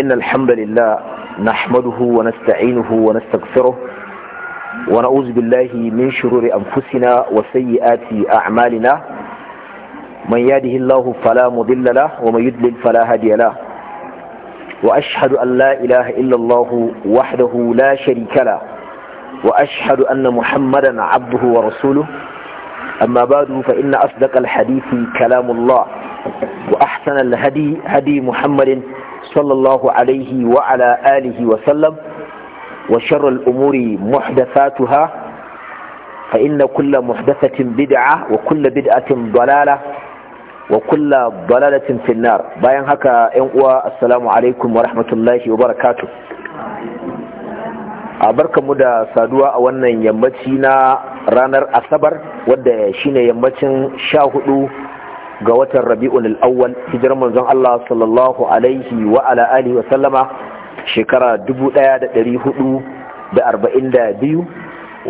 إن الحمد لله نحمده ونستعينه ونستغفره ونعوذ بالله من شرور أنفسنا وسيئات أعمالنا من يهده الله فلا مضل له ومن يدلل فلا هادي له وأشهد أن لا إله إلا الله وحده لا شريك له وأشهد أن محمدا عبده ورسوله أما بعد فإن أصدق الحديث كلام الله وأحسن الهدي هدي محمد صلى الله عليه وعلى آله وسلم وشر الأمور محدثاتها فإن كل محدثة بدعة وكل بدعة ضلالة وكل ضلالة في النار باين هكا إنقوى السلام عليكم ورحمة الله وبركاته barkanmu da saduwa a wannan yammaci na ranar asabar wadda shine yammacin sha hudu ga watan rabi'un al'awwal hijirar manzon Allah sallallahu alaihi wa ala alihi wa sallama shekara 1442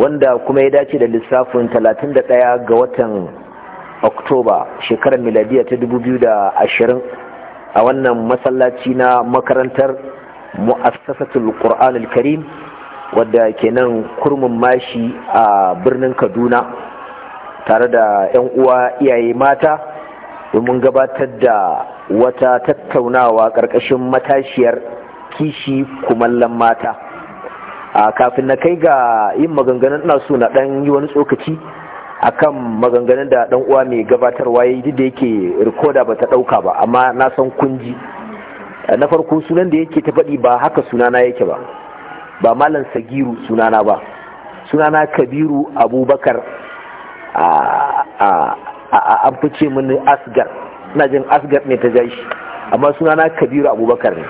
wanda kuma ya dace da lissafin 31 ga watan oktoba shekarar miladiya ta 2020 a wannan masallaci na makarantar mu'assasatul qur'an al-karim wadda ke nan kurmin mashi a birnin kaduna tare da 'yan uwa iyaye mata domin gabatar da wata tattaunawa ƙarƙashin matashiyar kishi kumallon mata a kafin na kai ga yin maganganun ina so na ɗan yi wani tsokaci akan maganganun da ɗan uwa mai gabatarwa ya yi da yake rikoda ba ta ɗauka ba amma na san kunji na farko sunan da yake ta faɗi ba haka sunana yake ba ba malam sagiru sunana ba sunana kabiru abubakar a an fice mini asgar ina jin asgar ne ta jashi amma sunana kabiru abubakar ne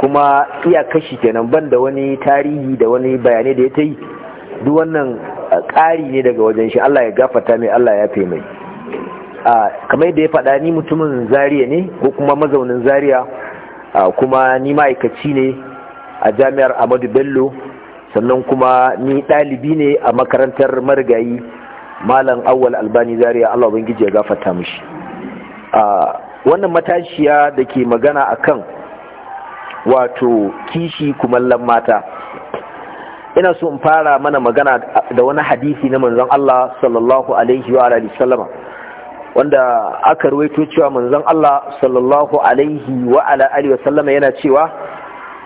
kuma iya kashi kenan ban da wani tarihi da wani bayanai da ya ta yi duk wannan ƙari ne daga wajen shi Allah ya gafata mai Allah ya fe mai kamar da ya faɗa ni mutumin zariya ne ko kuma mazaunin zariya kuma ni ma'aikaci ne a jami'ar amadu bello sannan kuma ni ɗalibi ne a makarantar marigayi malam Awal albani Zariya, Allah ubangiji ya gafarta mishi a wannan matashiya da ke magana akan wato kishi kumallan mata ina so in fara mana magana da wani hadisi na manzon Allah sallallahu alaihi wa alihi sallama wanda aka ruwaito cewa manzon Allah sallallahu alaihi wa ala alihi wa sallama yana cewa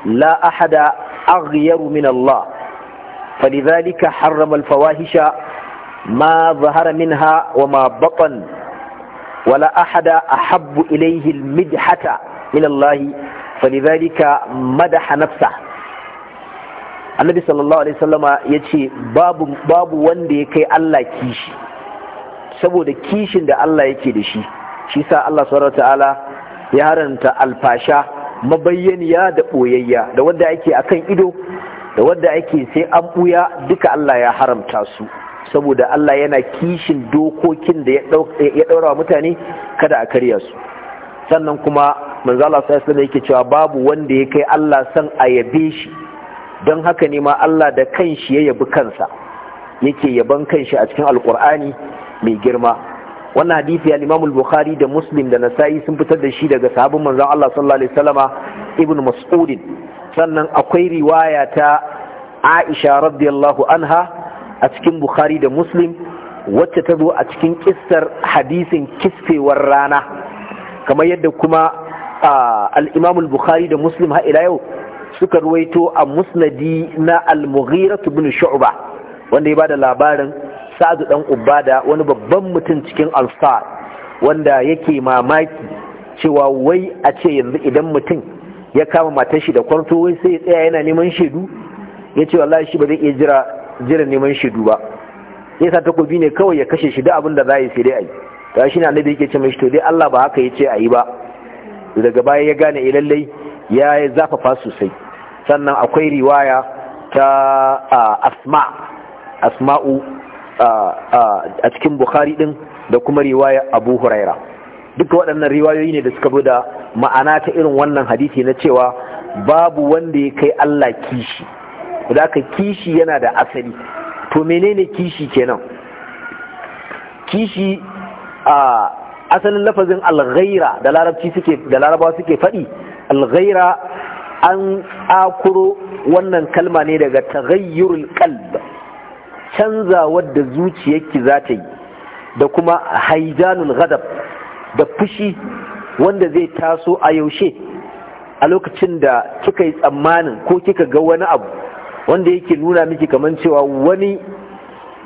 la ahada aghyaru min Allah falidhalika harrama ma zahara minha wa ma batan wala ahada ahabbu ilayhi almidhata min Allah falidhalika madaha nafsa Annabi sallallahu alaihi wasallama yace babu babu wanda ya kai Allah kishi saboda kishin da Allah yake da shi shi sa Allah subhanahu ta'ala ya haranta alfasha mabayyaniya da boyayya da wanda ake akan ido da wanda ake sai an buya duka Allah ya haramta su saboda Allah yana kishin dokokin da ya ɗaura wa mutane kada a karya su sannan kuma manzo Allah sai yake cewa babu wanda ya kai Allah san a yabe shi don haka ne ma Allah da kanshi ya yabi kansa yake yaban kanshi a cikin alkur'ani mai girma wannan hadisi ya imam al-Bukhari da Muslim da Nasa'i sun fitar da shi daga sahabban manzon Allah sallallahu alaihi wasallama Ibn Mas'ud sannan akwai riwaya ta Aisha radiyallahu anha a cikin bukhari da muslim wacce ta zo a cikin kissar hadisin kisfewar rana kamar yadda kuma Al-Imamul bukhari da muslim ila yau suka ruwaito a musnadi na al-mughiratu bin shu'ba wanda ya bada labarin sa'adu dan ubada wani babban mutum cikin alfar wanda yake mamaki cewa wai a ce yanzu idan mutum ya kama matashi da kwarto wai sai ya tsaya yana neman shaidu ya ce wallahi shi ba zai iya jira jiran neman shidu ba ya sa takobi ne kawai ya kashe shi duk abin da za yi sai dai a yi ta shi ne annabi yake ce mai to dai Allah ba haka ya ce a yi ba daga baya ya gane ilallai eh, ya yi zafafa sosai sannan akwai riwaya ta asma'u a cikin bukhari din da kuma riwaya abu huraira duka waɗannan riwayoyi ne da suka bi da ma'ana ta irin wannan hadisi na cewa babu wanda ya kai Allah kishi da aka kishi yana da asali to menene kishi kenan kishi a asalin lafazin alghaira da larabci suke da larabawa suke faɗi alghaira an akuro wannan kalma ne daga taghayyurul qalb canza wadda zuciyarki za ta yi da kuma haijanul ghadab da fushi wanda zai taso a yaushe a lokacin da kika yi tsammanin ko kika ga wani abu wanda yake nuna miki kaman cewa wani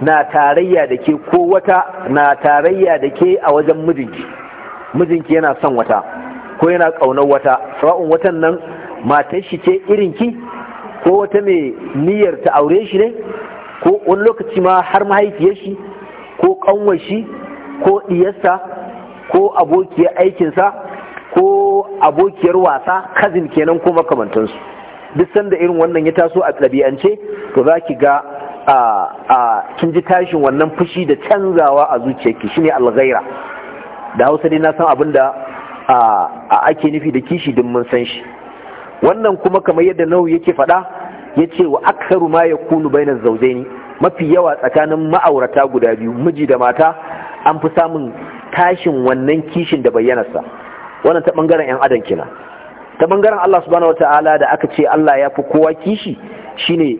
na tarayya da ke ko wata na tarayya da ke a wajen mijinki mijinki yana son wata ko yana ƙaunar wata sa'un watan nan matar shi ce ki, ko wata mai niyyar ta aure shi ne ko wani lokaci ma har mahaifiyar shi ko ƙanwar shi ko diyarsa ko abokiyar aikinsa ko abokiyar wasa kazin kenan ko makamantansu duk sanda irin wannan ya taso a ɗabi'ance to za ki ga a kin ji tashin wannan fushi da canzawa a zuciyarki shine alghaira da hausa dai na san abin da ake nufi da kishi din mun san shi wannan kuma kamar yadda nau yake faɗa ya ce wa aksaru ma ya kunu bainar zaujaini mafi yawa tsakanin ma'aurata guda biyu miji da mata an fi samun tashin wannan kishin da bayyanarsa wannan ta ɓangaren 'yan adam kenan ta bangaren Allah subhanahu wata'ala da aka ce Allah ya fi kowa kishi shine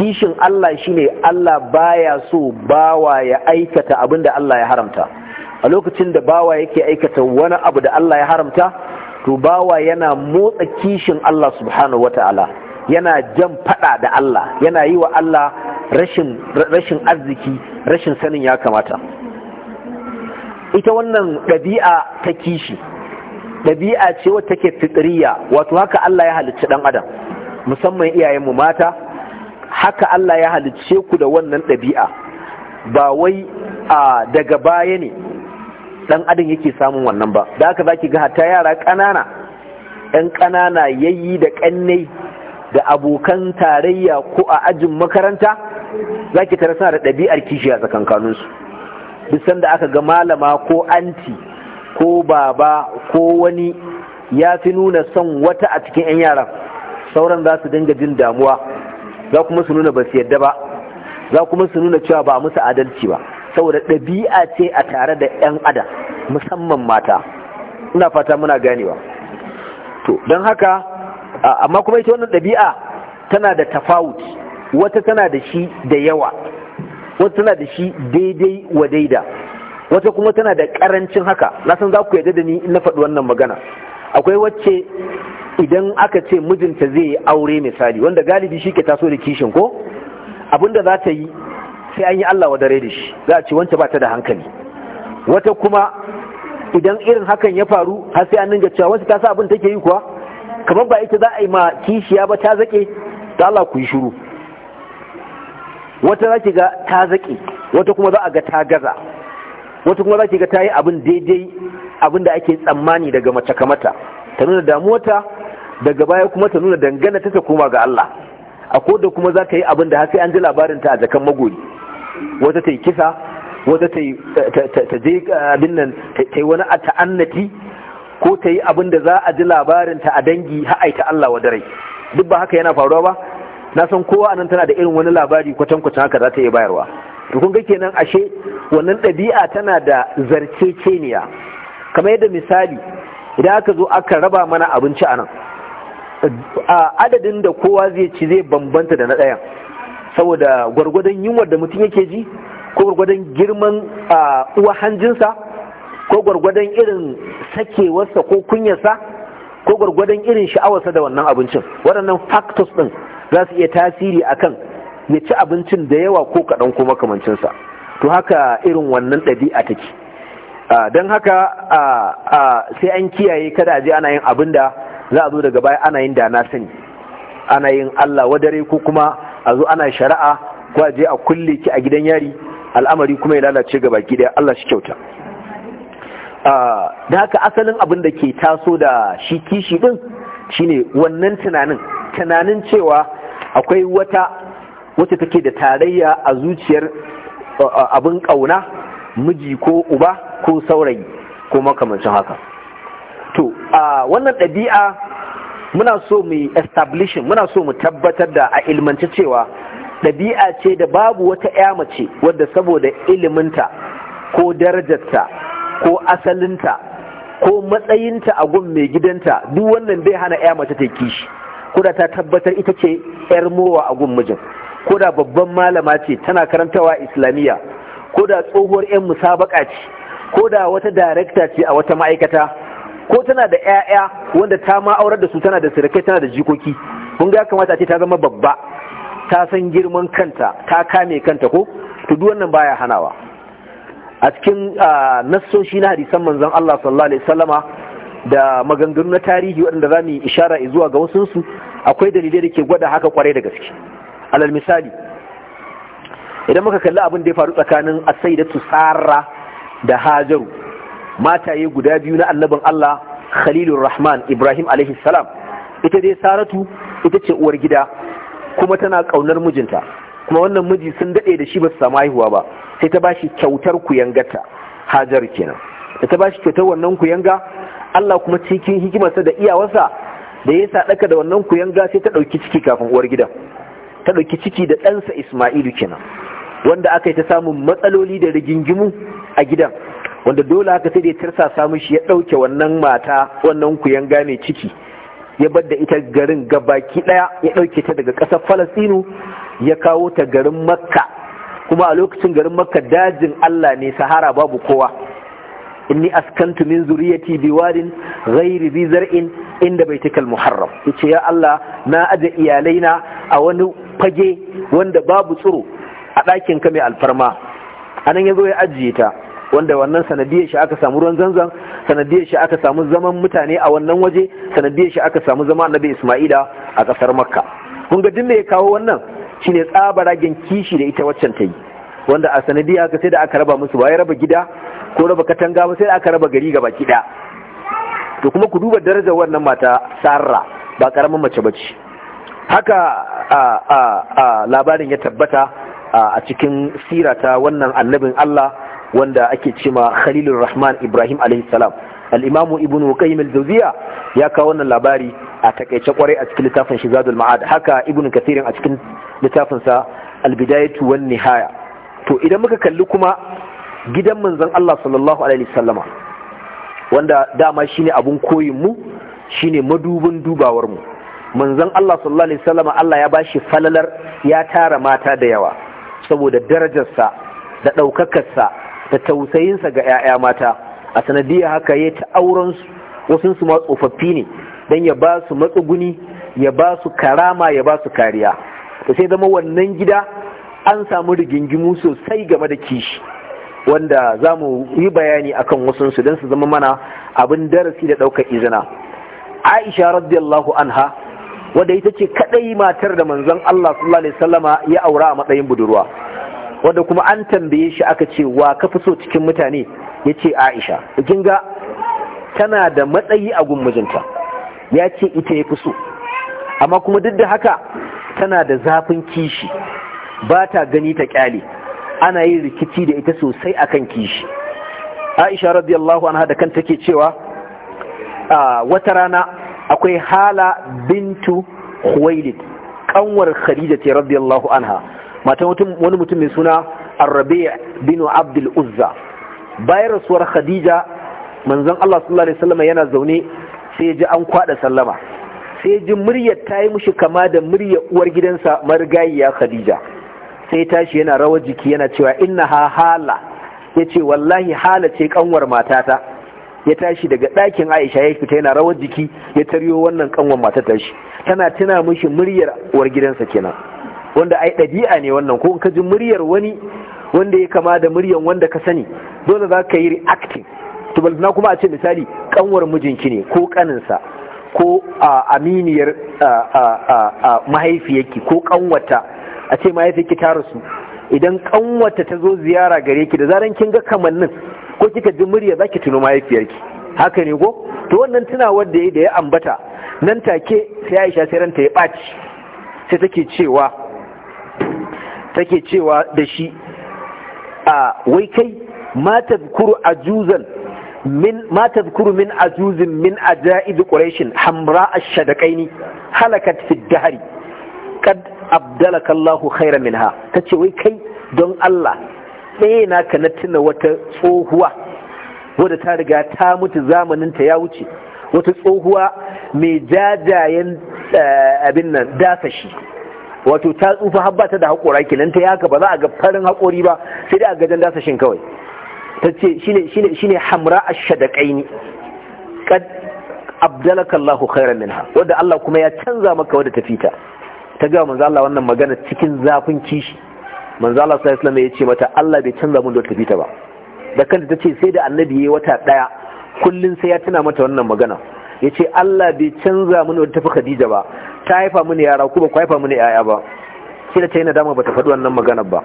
kishin Allah shine Allah baya so bawa ya aikata abin da Allah ya haramta a lokacin da bawa yake aikata wani abu da Allah ya haramta to bawa yana motsa kishin Allah subhanahu wata'ala yana jan fada da Allah yana yi wa Allah rashin rashin arziki rashin sanin ya kamata ita wannan ɗabi'a ta kishi ɗabi'a ce wacce take fitriya wato haka Allah ya halicci ɗan adam musamman mu mata haka Allah ya halicce ku da wannan ɗabi'a ba wai a daga baya ne ɗan adam yake samun wannan ba da haka zaki ga hatta yara ƙanana ɗan ƙanana yayi da ƙannai da abokan tarayya ko a ajin makaranta zaki tara suna da ɗabi'ar kishi a tsakankaninsu duk sanda aka ga malama ko anti ko baba ko wani ya fi nuna son wata a cikin 'yan yaran sauran za su dinga jin damuwa za kuma su nuna ba su yadda ba za kuma su nuna cewa ba musu adalci ba saboda ɗabi'a ce a tare da 'yan ada musamman mata ina fata muna ganewa to don haka amma kuma ita wannan ɗabi'a tana da tafawut wata tana da shi da yawa wata tana da shi daidai wa daida wata kuma tana da karancin haka na san za ku yarda da ni na faɗi wannan magana akwai wacce idan aka ce mijinta zai yi aure misali wanda galibi shi ke taso da kishin ko abinda za ta yi sai an yi Allah wa dare da shi za a ce wanta ba ta da hankali wata kuma idan irin hakan ya faru har sai an dinga cewa wasu ta sa abin take yi kuwa kamar ba ita za a yi ma kishiya ba ta zake ta Allah ku yi shiru wata za ki ga ta zake wata kuma za a ga ta gaza wata kuma za ki ga ta yi abin daidai abin da ake tsammani daga mace kamata ta nuna damuwata daga baya kuma ta nuna dangana ta ta koma ga Allah a da kuma za ta yi abin da sai an ji labarin ta a jakan magori wata ta yi kisa wata ta je eh, abin nan ta yi wani a ta'annati ko ta yi abin da za a ji labarin ta a dangi ha'aita Allah wa dare duk ba haka yana faruwa ba na san kowa anan tana da irin wani labari kwatankwacin haka za ta iya bayarwa to kun ga kenan ashe wannan ɗabi'a tana da zarceceniya kamar yadda misali idan aka zo aka raba mana abinci a nan adadin da kowa zai ci zai bambanta da na ɗayan saboda gwargwadon yunwar da mutum yake ji ko gwargwadon girman uwa hanjinsa ko gwargwadon irin sakewarsa ko kunyarsa ko gwargwadon irin sha'awarsa da wannan abincin waɗannan factors ɗin za su iya tasiri akan ya ci abincin da yawa ko kaɗan ko makamancinsa to haka irin wannan ɗabi'a take don haka sai an kiyaye kada a je ana yin abin da za a zo daga baya ana yin dana sani ana yin Allah wadare ko kuma a zo ana shari'a ko a je a kulle ki a gidan yari al'amari kuma ya lalace ga baki daya Allah shi kyauta da haka asalin abin da ke taso da shi kishi din shine wannan tunanin tunanin cewa akwai wata wacce take da tarayya a zuciyar abin ƙauna miji ko uba ko saurayi ko makamancin haka to a wannan ɗabi'a muna so mu establishin muna so mu tabbatar da a ilmanci cewa ɗabi'a ce da babu wata ya mace wadda saboda iliminta ko darajarta ko asalinta ko matsayinta a gun mai gidanta duk wannan bai hana ya mace ta kishi kuda ta tabbatar ita ce yar mowa a gun mijin ko da babban malama ce tana karantawa islamiyya ko da tsohuwar 'yan musabaka ce ko da wata darekta ce a wata ma'aikata ko tana da 'ya'ya wanda ta ma da su tana da sirikai tana da jikoki kun ga kamata ce ta zama babba ta san girman kanta ta kame kanta ko to duk wannan baya hanawa a cikin nassoshi na hadisan manzon Allah sallallahu alaihi wasallama da maganganu na tarihi waɗanda za mu yi ishara zuwa ga su akwai dalilai da ke gwada haka kwarai da gaske alal misali idan muka kalli abin da ya faru tsakanin asaidatu Sara da hajaru mataye guda biyu na annabin Allah khalilur rahman ibrahim alaihi ita dai saratu ita ce uwar gida kuma tana kaunar mijinta kuma wannan miji sun daɗe da shi ba su samu haihuwa ba sai ta bashi kyautar kuyangarta hajar kenan da ta bashi kyautar wannan kuyanga Allah kuma cikin hikimarsa da iyawarsa da ya ɗaka da wannan kuyanga sai ta ɗauki ciki kafin uwar gidan ta ɗauki ciki da ɗansa Ismailu kenan wanda aka yi ta samun matsaloli da rigingimu a gidan wanda dole aka sai da ya tarsa samun shi ya ɗauke wannan mata wannan kuyan gane ciki ya bar da ita garin ga baki ɗaya ya ɗauke ta daga ƙasar Falasinu ya kawo ta garin Makka kuma a lokacin garin Makka dajin Allah ne sahara babu kowa inni askantu min zuriyati biwadin ghairi zi zar'in inda baitikal muharram yace ya Allah na aje iyalaina a wani fage wanda babu tsiro a ɗakin ka mai alfarma anan ya zo ya ajiye ta wanda wannan sanadiyar shi aka samu ruwan zanzan sanadiyar shi aka samu zaman mutane a wannan waje sanadiyar shi aka samu zama annabi isma'ila a ƙasar makka kun ga duk ya kawo wannan shine ragen kishi da ita waccan ta yi wanda a sanadiyar haka sai da aka raba musu ba ya raba gida ko raba katanga ba sai da aka raba gari gaba ki to kuma ku duba darajar wannan mata sarra ba karamin mace bace haka labarin ya tabbata a cikin sirata wannan annabin Allah wanda ake cima khalilur rahman ibrahim al al'imamu ibn qayyim al-jawziya ya kawo wannan labari a takaice kwarai a cikin littafin shizadul ma'ad haka ibn kathirin a cikin littafinsa sa al-bidayatu wan nihaya to idan muka kalli kuma gidan manzon Allah sallallahu alaihi wasallama wanda dama shine abun koyin mu shine madubin dubawar mu manzon Allah sallallahu alaihi wasallam Allah ya bashi falalar ya tara mata da yawa saboda darajarsa da ɗaukakarsa da tausayinsa ga 'ya'ya mata a sanadiyar haka ya ta auren wasu su ma tsofaffi ne don ya ba su matsuguni ya ba su karama ya ba su kariya to sai zama wannan gida an samu rigingimu sosai game da kishi wanda za mu yi bayani akan su don su zama mana abin darasi da ɗaukar izina aisha radiyallahu anha wadda ita ce kadai matar da manzon Allah sallallahu alaihi wasallama ya aura a matsayin budurwa wadda kuma an tambaye shi aka ce wa ka fi so cikin mutane yace Aisha kin ga tana da matsayi a gun mijinta ya ce ita ya fi so amma kuma duk da haka tana da zafin kishi ba ta gani ta kyale ana yin rikici da ita sosai akan kishi Aisha radiyallahu anha da kanta take cewa a ah, wata rana akwai hala bintu khuwailid kanwar khadija ce radiyallahu anha matan wani mutum mai suna arrabi bin abdul uzza bayan rasuwar khadija manzon Allah sallallahu alaihi wasallam yana zaune sai ji an kwada sallama sai ji muryar ta yi mushi kama da muryar uwar gidansa marigayiya khadija sai tashi yana rawar jiki yana cewa inna hala yace wallahi hala ce kanwar matata ya tashi daga ɗakin Aisha ya fita yana rawar jiki ya taryo wannan kanwan matar tashi tana tuna mishi muryar uwar gidansa kenan wanda ai ɗabi'a ne wannan ko ka ji muryar wani wanda ya kama da muryar wanda ka sani dole za ka yi reacting to kuma a ce misali kanwar mijinki ne ko kaninsa ko aminiyar mahaifiyarki ko kanwata a ce mahaifiyarki ta rasu idan kanwata ta zo ziyara gare ki da zaran kin ga kamannin ko kika ji murya za ki tuno mahaifiyarki haka ne ko to wannan tuna wanda ya da ya ambata nan take sai Aisha sai ranta ya baci sai take cewa take cewa da shi a wai kai ma tadhkuru ajuzan min ma tadhkuru min ajuzin min ajaid quraish hamra ash-shadaqaini halakat fi dahri kad abdalaka Allahu khairan minha tace wai kai don Allah ɗaya naka na tuna wata tsohuwa wadda ta riga ta mutu zamanin ta ya wuce wata tsohuwa mai jajayen eh, abin nan dasashi wato ta tsufa habba ta da haƙora kenan ta haka ba za a ga farin haƙori ba sai dai a gajen dasashin kawai ta ce shi ne hamra a shadaƙaini kad abdalaka Allah khairan minha wadda Allah kuma ya canza maka wadda ta fita ta ga manzo Allah wannan magana cikin zafin kishi manzo Allah sallallahu ya ce mata Allah bai canza mun da tafi ta ba da kanta tace sai da annabi yayi wata daya kullun sai ya tuna mata wannan magana yace Allah bai canza mun da tafi Khadija ba ta haifa mun yara ku ba ku haifa mun yaya ba sai da ta nadama ba bata faɗi wannan magana ba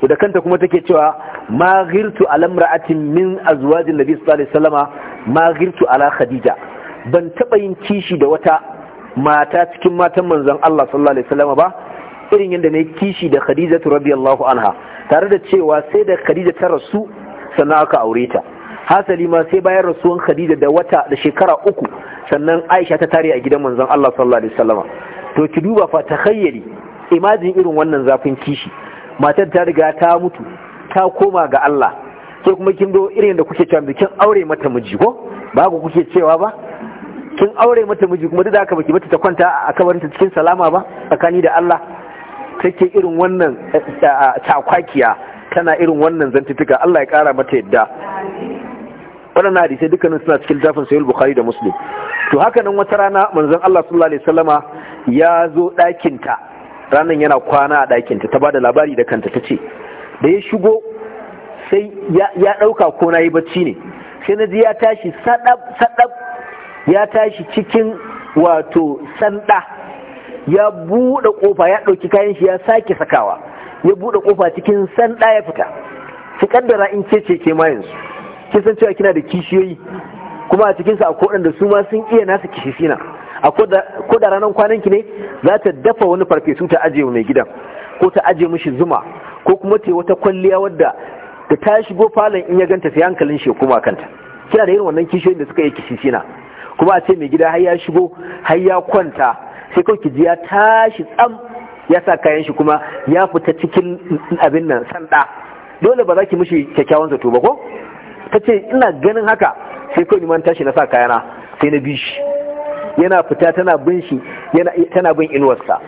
to da kanta kuma take cewa ma ghirtu ala imra'atin min azwajin nabi sallallahu alaihi wasallama ma ghirtu ala khadija ban taba yin kishi da wata mata cikin matan manzon Allah sallallahu alaihi wasallama ba irin yadda na yi kishi da Khadija radiyallahu anha tare da cewa sai da Khadija ta rasu sannan aka aure ta hasali ma sai bayan rasuwan Khadija da wata da shekara uku sannan Aisha ta tare a gidan manzan Allah sallallahu alaihi wasallama to ki duba fa takhayyali imajin irin wannan zafin kishi matar ta riga ta mutu ta koma ga Allah sai kuma kin zo irin da kuke cewa kin aure mata miji kuma duk da haka baki bata ta kwanta a kabarinta cikin salama ba tsakani da Allah take irin wannan cakwakiya eh, eh, eh, tana irin wannan zantutuka Allah ya kara mata yadda waɗannan hadisai dukkanin suna cikin littafin sayul bukhari da muslim to haka nan wata rana manzon Allah sallallahu alaihi wasallama ya zo ɗakin ta ranan yana kwana a ɗakin ta ta bada labari da kanta ta ce. da ya shigo sai ya ɗauka ko na yi bacci ne sai na ji ya tashi sadab sadab ya tashi cikin wato sanda ya buɗe ƙofa ya ɗauki kayan shi ya sake sakawa ya buɗe ƙofa cikin sanda ya fita su kaddara in ce ce ke ma yanzu kin san cewa kina da kishiyoyi kuma a cikinsa a kodan da su ma sun iya nasu kishishina a ko da ranar kwanan ki ne za ta dafa wani farfesu ta aje mai gidan ko ta aje mishi zuma ko kuma ta wata kwalliya wadda da ta shigo falon in ya ganta sai hankalin shi kuma kanta kina da irin wannan kishiyoyin da suka yi kishishina kuma a ce mai gida har ya shigo har ya kwanta sai kawai ki ya tashi tsam ya sa kayan shi kuma ya fita cikin abin nan sanda dole ba za ki mishi kyakkyawan zato ba ko ta ce ina ganin haka sai kawai ni tashi na sa kayana sai na bi shi yana fita tana bin shi yana tana bin inuwarsa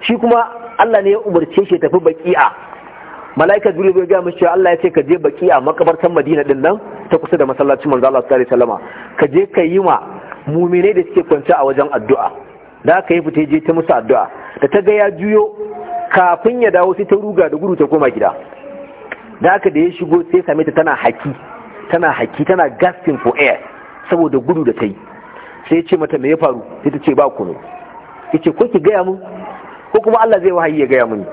shi kuma Allah ne ya umarce shi tafi baki'a malaika jibril bai ga mishi Allah ya ce ka je baki'a makabartar Madina din nan ta kusa da masallacin manzo Allah sallallahu alaihi ka je ka yi ma mu'minai da suke kwance a wajen addu'a da aka yi fita je ta musu addu'a da ta ga ya juyo kafin ya dawo sai ta ruga da gudu ta koma gida da aka da ya shigo sai same ta tana haki tana haki tana gasping for air saboda gudu da ta yi sai ce mata me ya faru sai ta ce ba kunu ya ko ki gaya mun ko kuma Allah zai wahayi ya gaya mun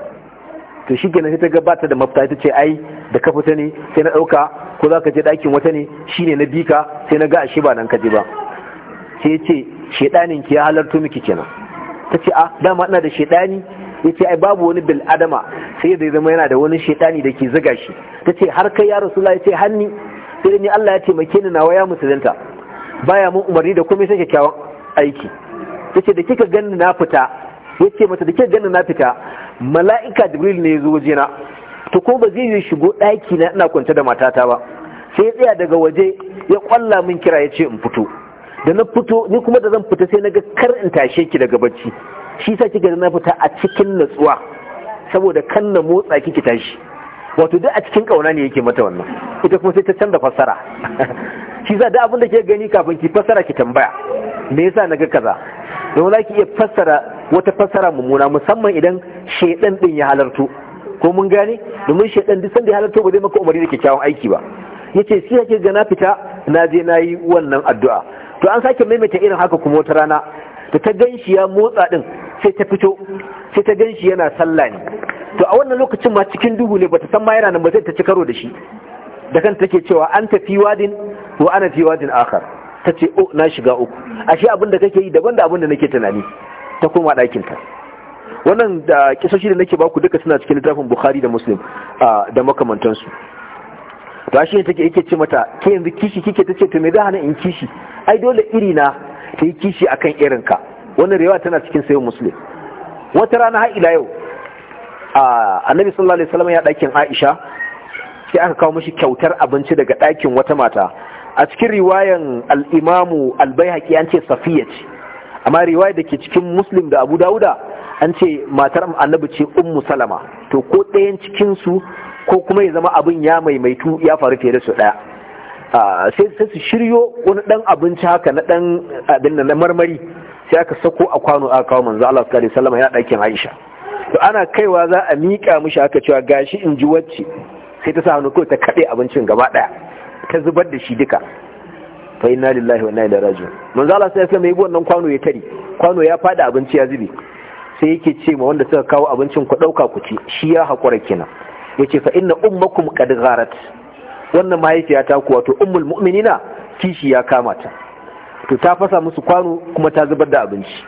to shi kenan sai ta gabata da mafita ta ce ai da ka fita ne sai na ɗauka ko za ka je dakin wata ne Shi ne na bika sai na ga ashe ba nan ka je ba sai ce shedanin ki ya halarto miki kenan tace a ah dama ina da shedani yace ai babu wani bil adama sai da zama yana da wani shedani da ke zuga shi tace har kai ya rasu rasulullahi yace hanni sai ni Allah ya taimake ni nawa ya musulunta baya mun umarni da komai sai kyakkyawan aiki ce da kika ganni na fita yace mata da kika ganni na fita mala'ika jibril ne ya zo wajena to ko ba zai yi shigo ɗaki na ina kwance da matata ba sai ya tsaya daga waje ya kwalla min kira ya ce in fito da na fito ni kuma da zan fita sai na ga kar in tashe ki daga bacci shi sa kika da na fita a cikin natsuwa saboda kan na motsa kiki tashi wato duk a cikin kauna ne yake mata wannan ita kuma sai ta canza fassara shi sa da abin da ke gani kafin ki fassara ki tambaya me yasa na ga kaza don za ki iya fassara wata fassara mummuna musamman idan shedan din ya halarto ko mun gane domin shedan duk sanda ya halarto ba zai maka umarni da kyakkyawan aiki ba yace shi yake ga na fita na je na yi wannan addu'a to an sake maimaita irin haka kuma wata rana da ta gan shi ya motsa din sai ta fito sai ta gan shi yana sallah ne to a wannan lokacin ma cikin duhu ne bata san ma yana nan ba sai ta ci karo da shi da kanta take cewa an tafi wadin wa ana fi wadin akhar ta ce oh na shiga uku ashe abin da kake yi daban da abin da nake tunani ta koma ɗakin ta wannan da kisoshi da nake baku duka suna cikin littafin bukhari da muslim da makamantansu to ashe take yake ce mata ke yanzu kishi kike tace to me da hana in kishi ai dole iri na ta yi kishi akan irin ka wannan rewa tana cikin sayo muslim wata rana har ila yau annabi sallallahu alaihi wasallam ya dakin aisha sai aka kawo mishi kyautar abinci daga dakin wata mata a cikin riwayan al-imamu al-baihaqi an ce safiya ce amma riwaya da ke cikin muslim da abu dauda an ce matar annabi ce ummu salama to ko ɗayan cikin su ko kuma ya zama abin ya maimaitu ya faru fiye da su ɗaya sai su shiryo wani dan abinci haka na dan abin na marmari sai aka sako a kwano aka kawo manzo Allah sallallahu alaihi wasallam ya dakin Aisha to ana kaiwa za a mika mishi haka cewa gashi in ji wacce sai ta sa hannu kawai ta kade abincin gaba daya ta zubar da shi duka fa inna lillahi wa inna ilaihi raji'un manzo Allah sallallahu alaihi wasallam ya wannan kwano ya tari kwano ya fada abinci ya zube sai yake ce ma wanda suka kawo abincin ku dauka ku ci shi ya hakura kenan yace fa inna ummakum qad gharat wannan mahaifiyata kuwa to ummul mu'minina kishi ya kama ta to ta fasa musu kwano kuma ta zubar da abinci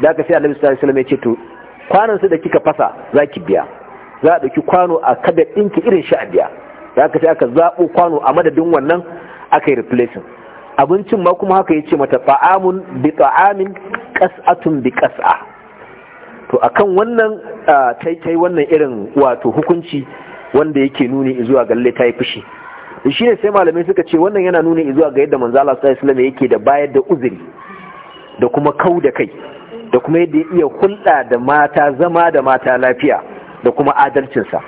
da aka sai annabi sallallahu alaihi wasallam ya ce to kwanon su da kika fasa za ki biya za a dauki kwano a kada dinki irin shi a biya da aka sai aka zabo kwano a madadin wannan aka yi replacing abincin ma kuma haka yace mata ta'amun bi ta'amin qas'atun bi qas'a to akan wannan tai wannan irin wato hukunci wanda yake nuni zuwa galle ta yi fushi shi ne sai malamai suka ce wannan yana nuni zuwa ga yadda manzala Allah sallallahu yake da bayar da uzuri da kuma kau da kai da kuma yadda ya iya hulɗa da mata zama da mata lafiya da kuma adalcinsa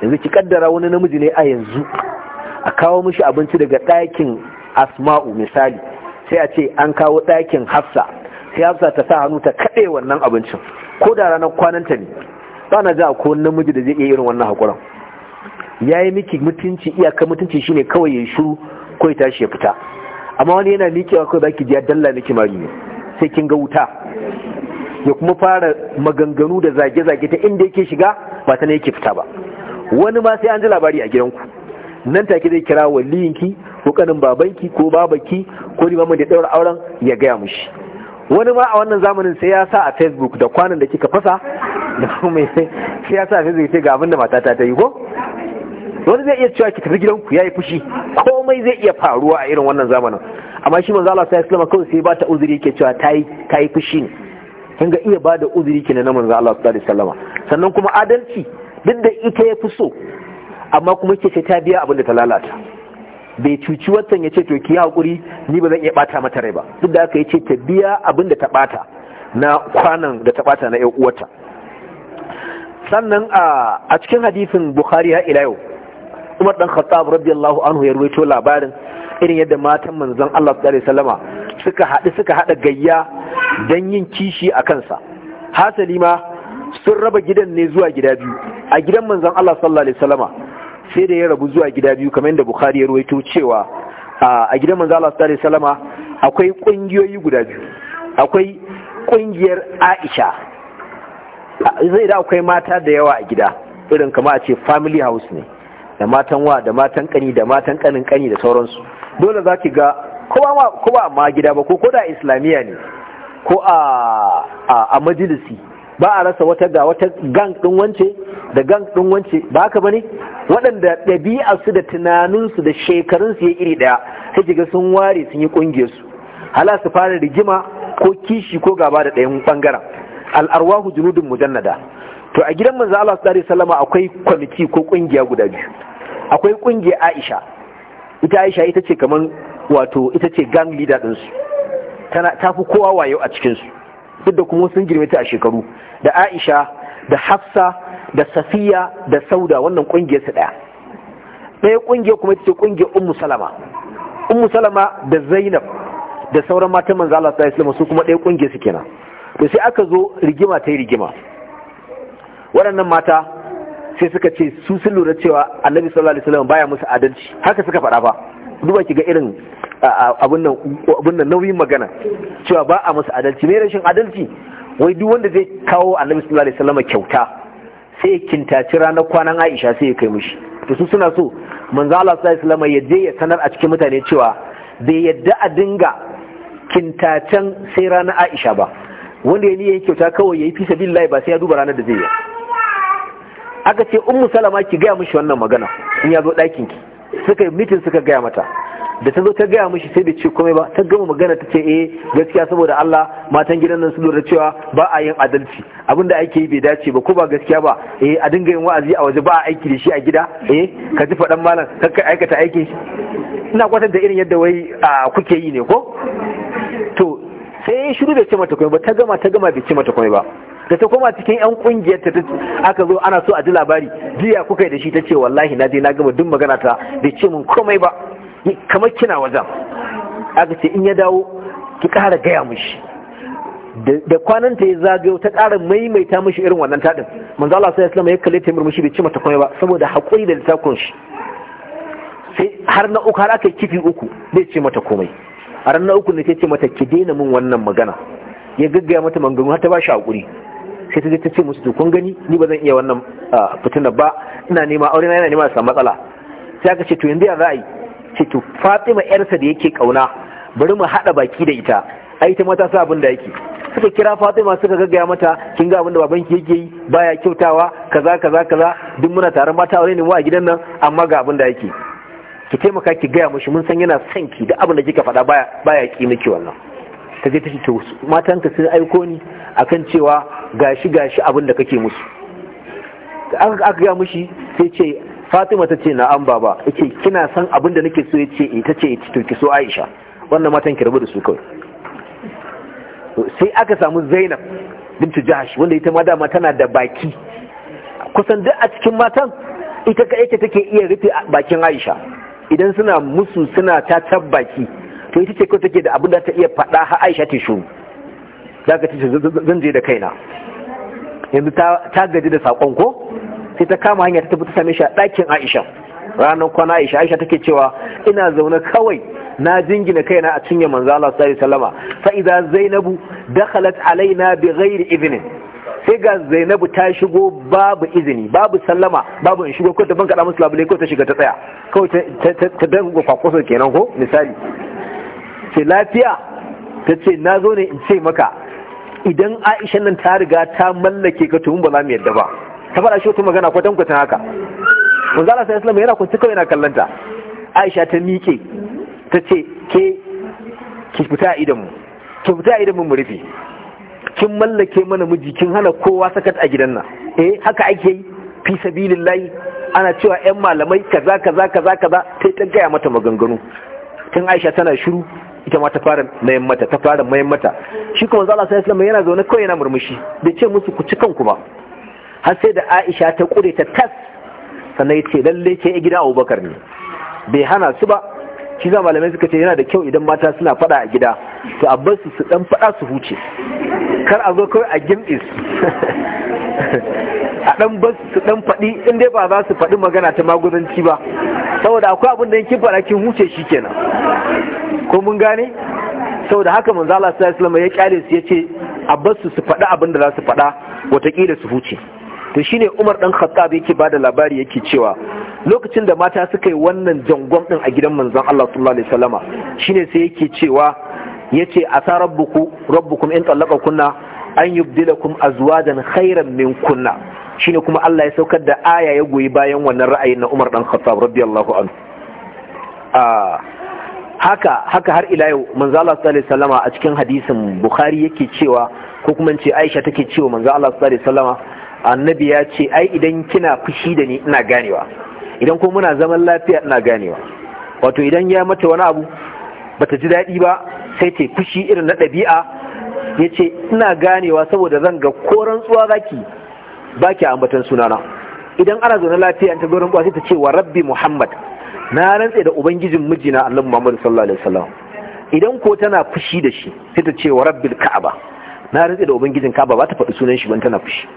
yanzu ki kaddara wani namiji ne a yanzu a kawo mishi abinci daga ɗakin asma'u misali sai a ce an kawo ɗakin hafsa sai hafsa ta sa hannu ta kaɗe wannan abincin ko da ranar kwananta ne ba na ji a namiji da zai iya irin wannan haƙuran ya yi miki mutunci iyakar mutunci shine kawai ya shuru ko ya tashi ya fita amma wani yana miƙewa kawai baki jiya dalla miki mari ne sai kin ga wuta ya kuma fara maganganu da zage-zage ta inda yake shiga ba ta ne yake fita ba wani ma sai an ji labari a gidanku nan take zai kira ki ko kanin babanki ko babaki ko limamin da daura auren ya gaya mushi wani ma a wannan zamanin sai ya sa a facebook da kwanan da kika fasa da kuma sai ya sa a facebook sai ga abin da matata ta yi ko wani zai iya cewa ki tafi gidanku yayi fushi komai zai iya faruwa a irin wannan zamanin amma shi manzo Allah sallallahu alaihi kawai sai ba ta uzuri yake cewa tayi tayi fushi ne kin ga iya bada uzuri ne na manzo Allah sallallahu alaihi sannan kuma adalci duk da ita ya fi so amma kuma ke ce ta biya abin da ta lalata bai cuci watan ya ce to ki haƙuri ni ba zan iya bata mata rai ba duk da aka yi ce ta biya abin da ta ɓata na kwanan da ta bata na ƴan uwata sannan a cikin hadisin bukhari ya ila yau Umar dan Khattab radiyallahu anhu ya ruwaito labarin irin yadda matan manzon Allah sallallahu alaihi wasallama suka haɗu suka haɗa gayya dan yin kishi a kansa hasali ma sun raba gidan ne zuwa gida biyu a gidan manzon Allah sallallahu alaihi wasallama sai da ya rabu zuwa gida biyu kamar yadda Bukhari ya ruwaito cewa a gidan manzon Allah sallallahu alaihi wasallama akwai kungiyoyi guda biyu akwai kungiyar Aisha zai da akwai mata da yawa a gida irin kama a ce family house ne da matan wa da matan kani da matan kanin kani da sauransu dole za ki ga ko ma gida ba ko da islamiyya ne ko a majalisi ba a rasa wata ga wata gang ɗin wance da gang ɗin wance ba haka ne waɗanda ɗabi'arsu da tunaninsu da shekarunsu ya iri ɗaya sai ga sun ware sun yi ƙungiyarsu hala su fara rigima ko kishi ko gaba da ɗayan ɓangaren al'arwahu junudun mujannada to a gidan manzo Allah sallallahu alaihi wasallam akwai kwamiti ko kungiya guda biyu akwai kungiya Aisha ita Aisha ita ce kaman wato ita ce gang leader din su tana tafi kowa wayo a cikin su duk da kuma sun girme ta a shekaru da Aisha da Hafsa da Safiya da Sauda wannan kungiyar su daya ɗaya kungiya kuma ita ce kungiyar Ummu Salama Ummu Salama da Zainab da sauran matan manzo Allah sallallahu alaihi wasallam su kuma ɗaya kungiyar su kenan to sai aka zo rigima ta yi rigima waɗannan mata sai suka ce su sun lura cewa annabi sallallahu alaihi wasallam baya musu adalci haka suka faɗa fa duba ki ga irin abun nan nauyin magana cewa ba a musu adalci me rashin adalci wai duk wanda zai kawo annabi sallallahu alaihi wasallam kyauta sai ya kintaci ranar kwanan Aisha sai ya kai mushi? to su suna so manzo Allah sallallahu alaihi wasallam ya je ya sanar a cikin mutane cewa bai yadda a dinga kintacen sai ranar Aisha ba wanda ya niyyar kyauta kawai yayi fi sabilillah ba sai ya duba ranar da zai yi aka ce ummu salama ki gaya mishi wannan magana in ya zo ɗakin ki suka mitin suka gaya mata da ta zo ta gaya mishi sai da ce komai ba ta gama magana ta ce eh gaskiya saboda Allah matan gidan nan su lura cewa ba a yin adalci abin da ake yi bai dace ba ko ba gaskiya ba eh a dinga yin wa'azi a waje ba a aiki da shi a gida eh ka ji faɗan malam kar ka aikata aikin shi ina kwatanta irin yadda wai kuke yi ne ko to sai shiru bai ce mata komai ba ta gama ta gama bai ce mata komai ba da ta koma cikin yan kungiyar ta aka zo ana so a ji labari jiya kuka yi da shi ta ce wallahi na je na gama duk magana ta bai ce mun komai ba kamar kina wajen aka ce in ya dawo ki ƙara gaya mishi da kwanan ta ya zagayo ta kara maimaita mushi irin wannan taɗin manzo Allah sai ya kalle ta murmushi bai ci mata komai ba saboda haƙuri da littafin shi sai har na uku har aka kifi uku bai ce mata komai a ran na uku ne ta ce mata ki daina min wannan magana ya gaggaya mata manganu har ta ba shi hakuri sai ta ta ce musu to kun gani ni ba zan iya wannan fitina ba ina nema aure na yana nema samu matsala sai aka ce to yanzu ya za a yi ce to Fatima yarsa da yake kauna bari mu hada baki da ita a ita mata sa abin da yake suka kira Fatima suka gaggaya mata kin ga abin da babanki yake yi baya kyautawa kaza kaza kaza duk muna tare mata aure ne mu a gidan nan amma ga abin da yake ki taimaka ki gaya mushi mun san yana son ki da abin da kika faɗa baya baya ki miki wannan ta je ta ce to matanka sun aiko ni akan cewa gashi gashi abin da kake musu aka ga mushi sai ce fatima ta ce na an baba yace kina san abin da nake so yace ita ce eh, eh, to ki so aisha wannan matan ki rabu da su kawai sai aka samu zainab bintu shi wanda ita ma dama tana da baki kusan duk a cikin matan ita ka yake take iya rufe bakin aisha idan suna musu suna ta baki to ita ce kawai take da abin da ta iya faɗa har aisha ta shuru za ka zan je da kaina yanzu ta gaji da saƙon ko sai ta kama hanya ta tafi ta same shi a ɗakin aisha ranar kwana aisha aisha take cewa ina zaune kawai na jingina kaina a cinye manzo Allah sallallahu alaihi wasallama fa idza zainabu dakhalat alaina bi ghairi idnin sai ga zainabu ta shigo babu izini babu sallama babu in shigo ko ta ban da musu labule ko ta shiga ta tsaya kawai ta ta dango kwakwaso kenan ko misali ce lafiya ta ce na zo ne in ce maka idan aisha nan ta riga ta mallake ka tumun ba za mu yadda ba ta faɗa shi wata magana kwatan kwatan haka manzo Allah sai islam yana kwanci kawai yana kallanta aisha ta miƙe ta ce ke ki fita idan mu mu rufe kin mallake mana miji kin hana kowa sakat a gidan nan eh haka ake yi fi sabilillahi ana cewa 'yan malamai kaza kaza kaza kaza sai ta gaya mata maganganu tun aisha tana shiru ita ma ta fara mayan mata ta fara mayan mata shi kuma zala sai islam yana zaune kawai yana murmushi bai ce musu ku ci kanku ba har sai da aisha ta kure ta tas sannan yace lalle ke gida abubakar ne bai hana su ba shi za malamai suka ce yana da kyau idan mata suna fada a gida to a bar su su dan fada su huce kar a zo kawai a gimbis a dan bar su dan fadi in dai ba za su fadi magana ta magudanci ba saboda akwai abin da yake fara kin huce shi kenan ko mun gane saboda haka manzo Allah sallallahu alaihi ya kyale su yace a su faɗi faɗa abin da za su faɗa watakila su huce to shine Umar dan Khattab yake bada labari yake cewa lokacin da mata suka yi wannan jangon din a gidan manzo Allah sallallahu alaihi wasallama shine sai yake cewa yace asa rabbuku rabbukum in talaqakunna an yubdilakum azwajan khairan kunna. shine kuma Allah ya saukar da aya ya goyi bayan wannan ra'ayin na Umar dan Khattab radiyallahu anhu ah, haka haka har ila yau manzo Allah sallallahu alaihi wasallama a cikin hadisin Bukhari yake cewa ko kuma ce Aisha take cewa manzo Allah sallallahu alaihi wasallama annabi ya ce ai idan kina fushi da ni ina ganewa idan ko muna zaman lafiya ina ganewa wato idan ya mata wani abu bata ji daɗi ba sai ta fushi irin na ɗabi'a yace ina ganewa saboda zan ga ko rantsuwa zaki ba ki ambatan sunana idan ana zaune lafiya an ta gurin ba sai ta ce wa rabbi muhammad na rantse da ubangijin mijina annabi muhammad sallallahu alaihi wasallam idan ko tana fushi da shi sai ta ce wa rabbil ka'aba na rantse da ubangijin ka'aba ba ta faɗi sunan shi ban tana fushi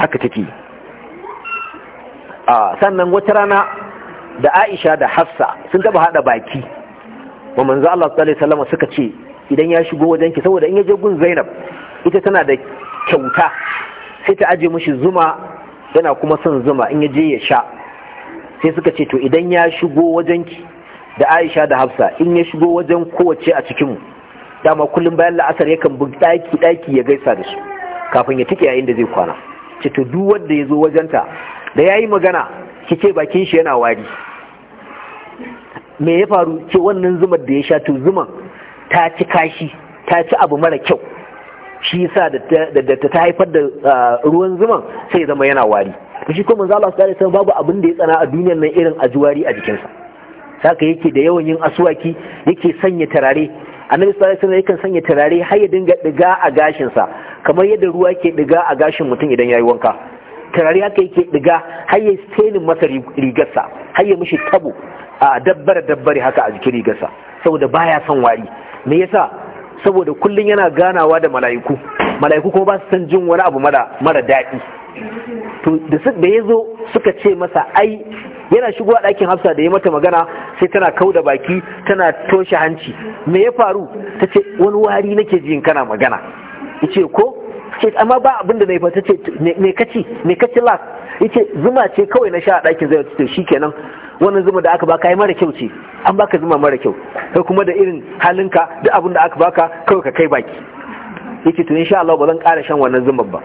haka take a sannan wata rana da Aisha da Hafsa sun taba hada baki wa manzo Allah sallallahu alaihi wasallam suka ce idan ya shigo wajenki saboda in ya je gun Zainab ita tana da kyauta sai ta aje mashi zuma yana kuma son zuma in ya je ya sha sai suka ce to idan ya shigo wajenki da Aisha da Hafsa in ya shigo wajen kowace a cikinmu dama kullum bayan la'asar yakan bi daki daki ya gaisa da su kafin ya tike yayin da zai kwana ce to duk wanda ya zo wajenta da yayi magana kike bakin shi yana wari me ya faru ce wannan zuman da ya sha to zuman ta ci kashi ta ci abu mara kyau shi yasa da ta haifar da ah, ruwan zuman sai zama yana wari da shi kuma manzo Allah sallallahu alaihi babu abin da ya tsana a duniyar nan irin ajiwari a jikinsa haka yake da yawan yin asuwaki yake sanya tarare annabi sallallahu alaihi wasallam yakan sanya tarare har ya dinga diga a gashinsa. kamar yadda ruwa ke diga a gashin mutum idan yayi wanka tarare haka yake diga har ya stenin masa rigarsa har ya mishi tabo a ah, dabbare dabbare haka a jikin rigarsa saboda baya son wari me yasa saboda kullum yana ganawa da mala'iku mala'iku kuma ba su san jin wani abu mara daɗi to da ya zo suka ce masa ai yana shigowa ɗakin hafsa da ya mata magana sai tana kau da baki tana toshe hanci me ya faru ta ce wani wari nake ji kana magana ce ko ce amma ba abin da na yi fata ce mai kaci mai kaci las yace zuma ce kawai na sha a ɗakin zai ce kenan wannan zuma da aka baka yi mara kyau ce an baka zuma mara kyau kai kuma da irin halinka duk abin da aka baka kawai ka kai baki yace to insha Allah ba zan ƙara shan wannan zuma ba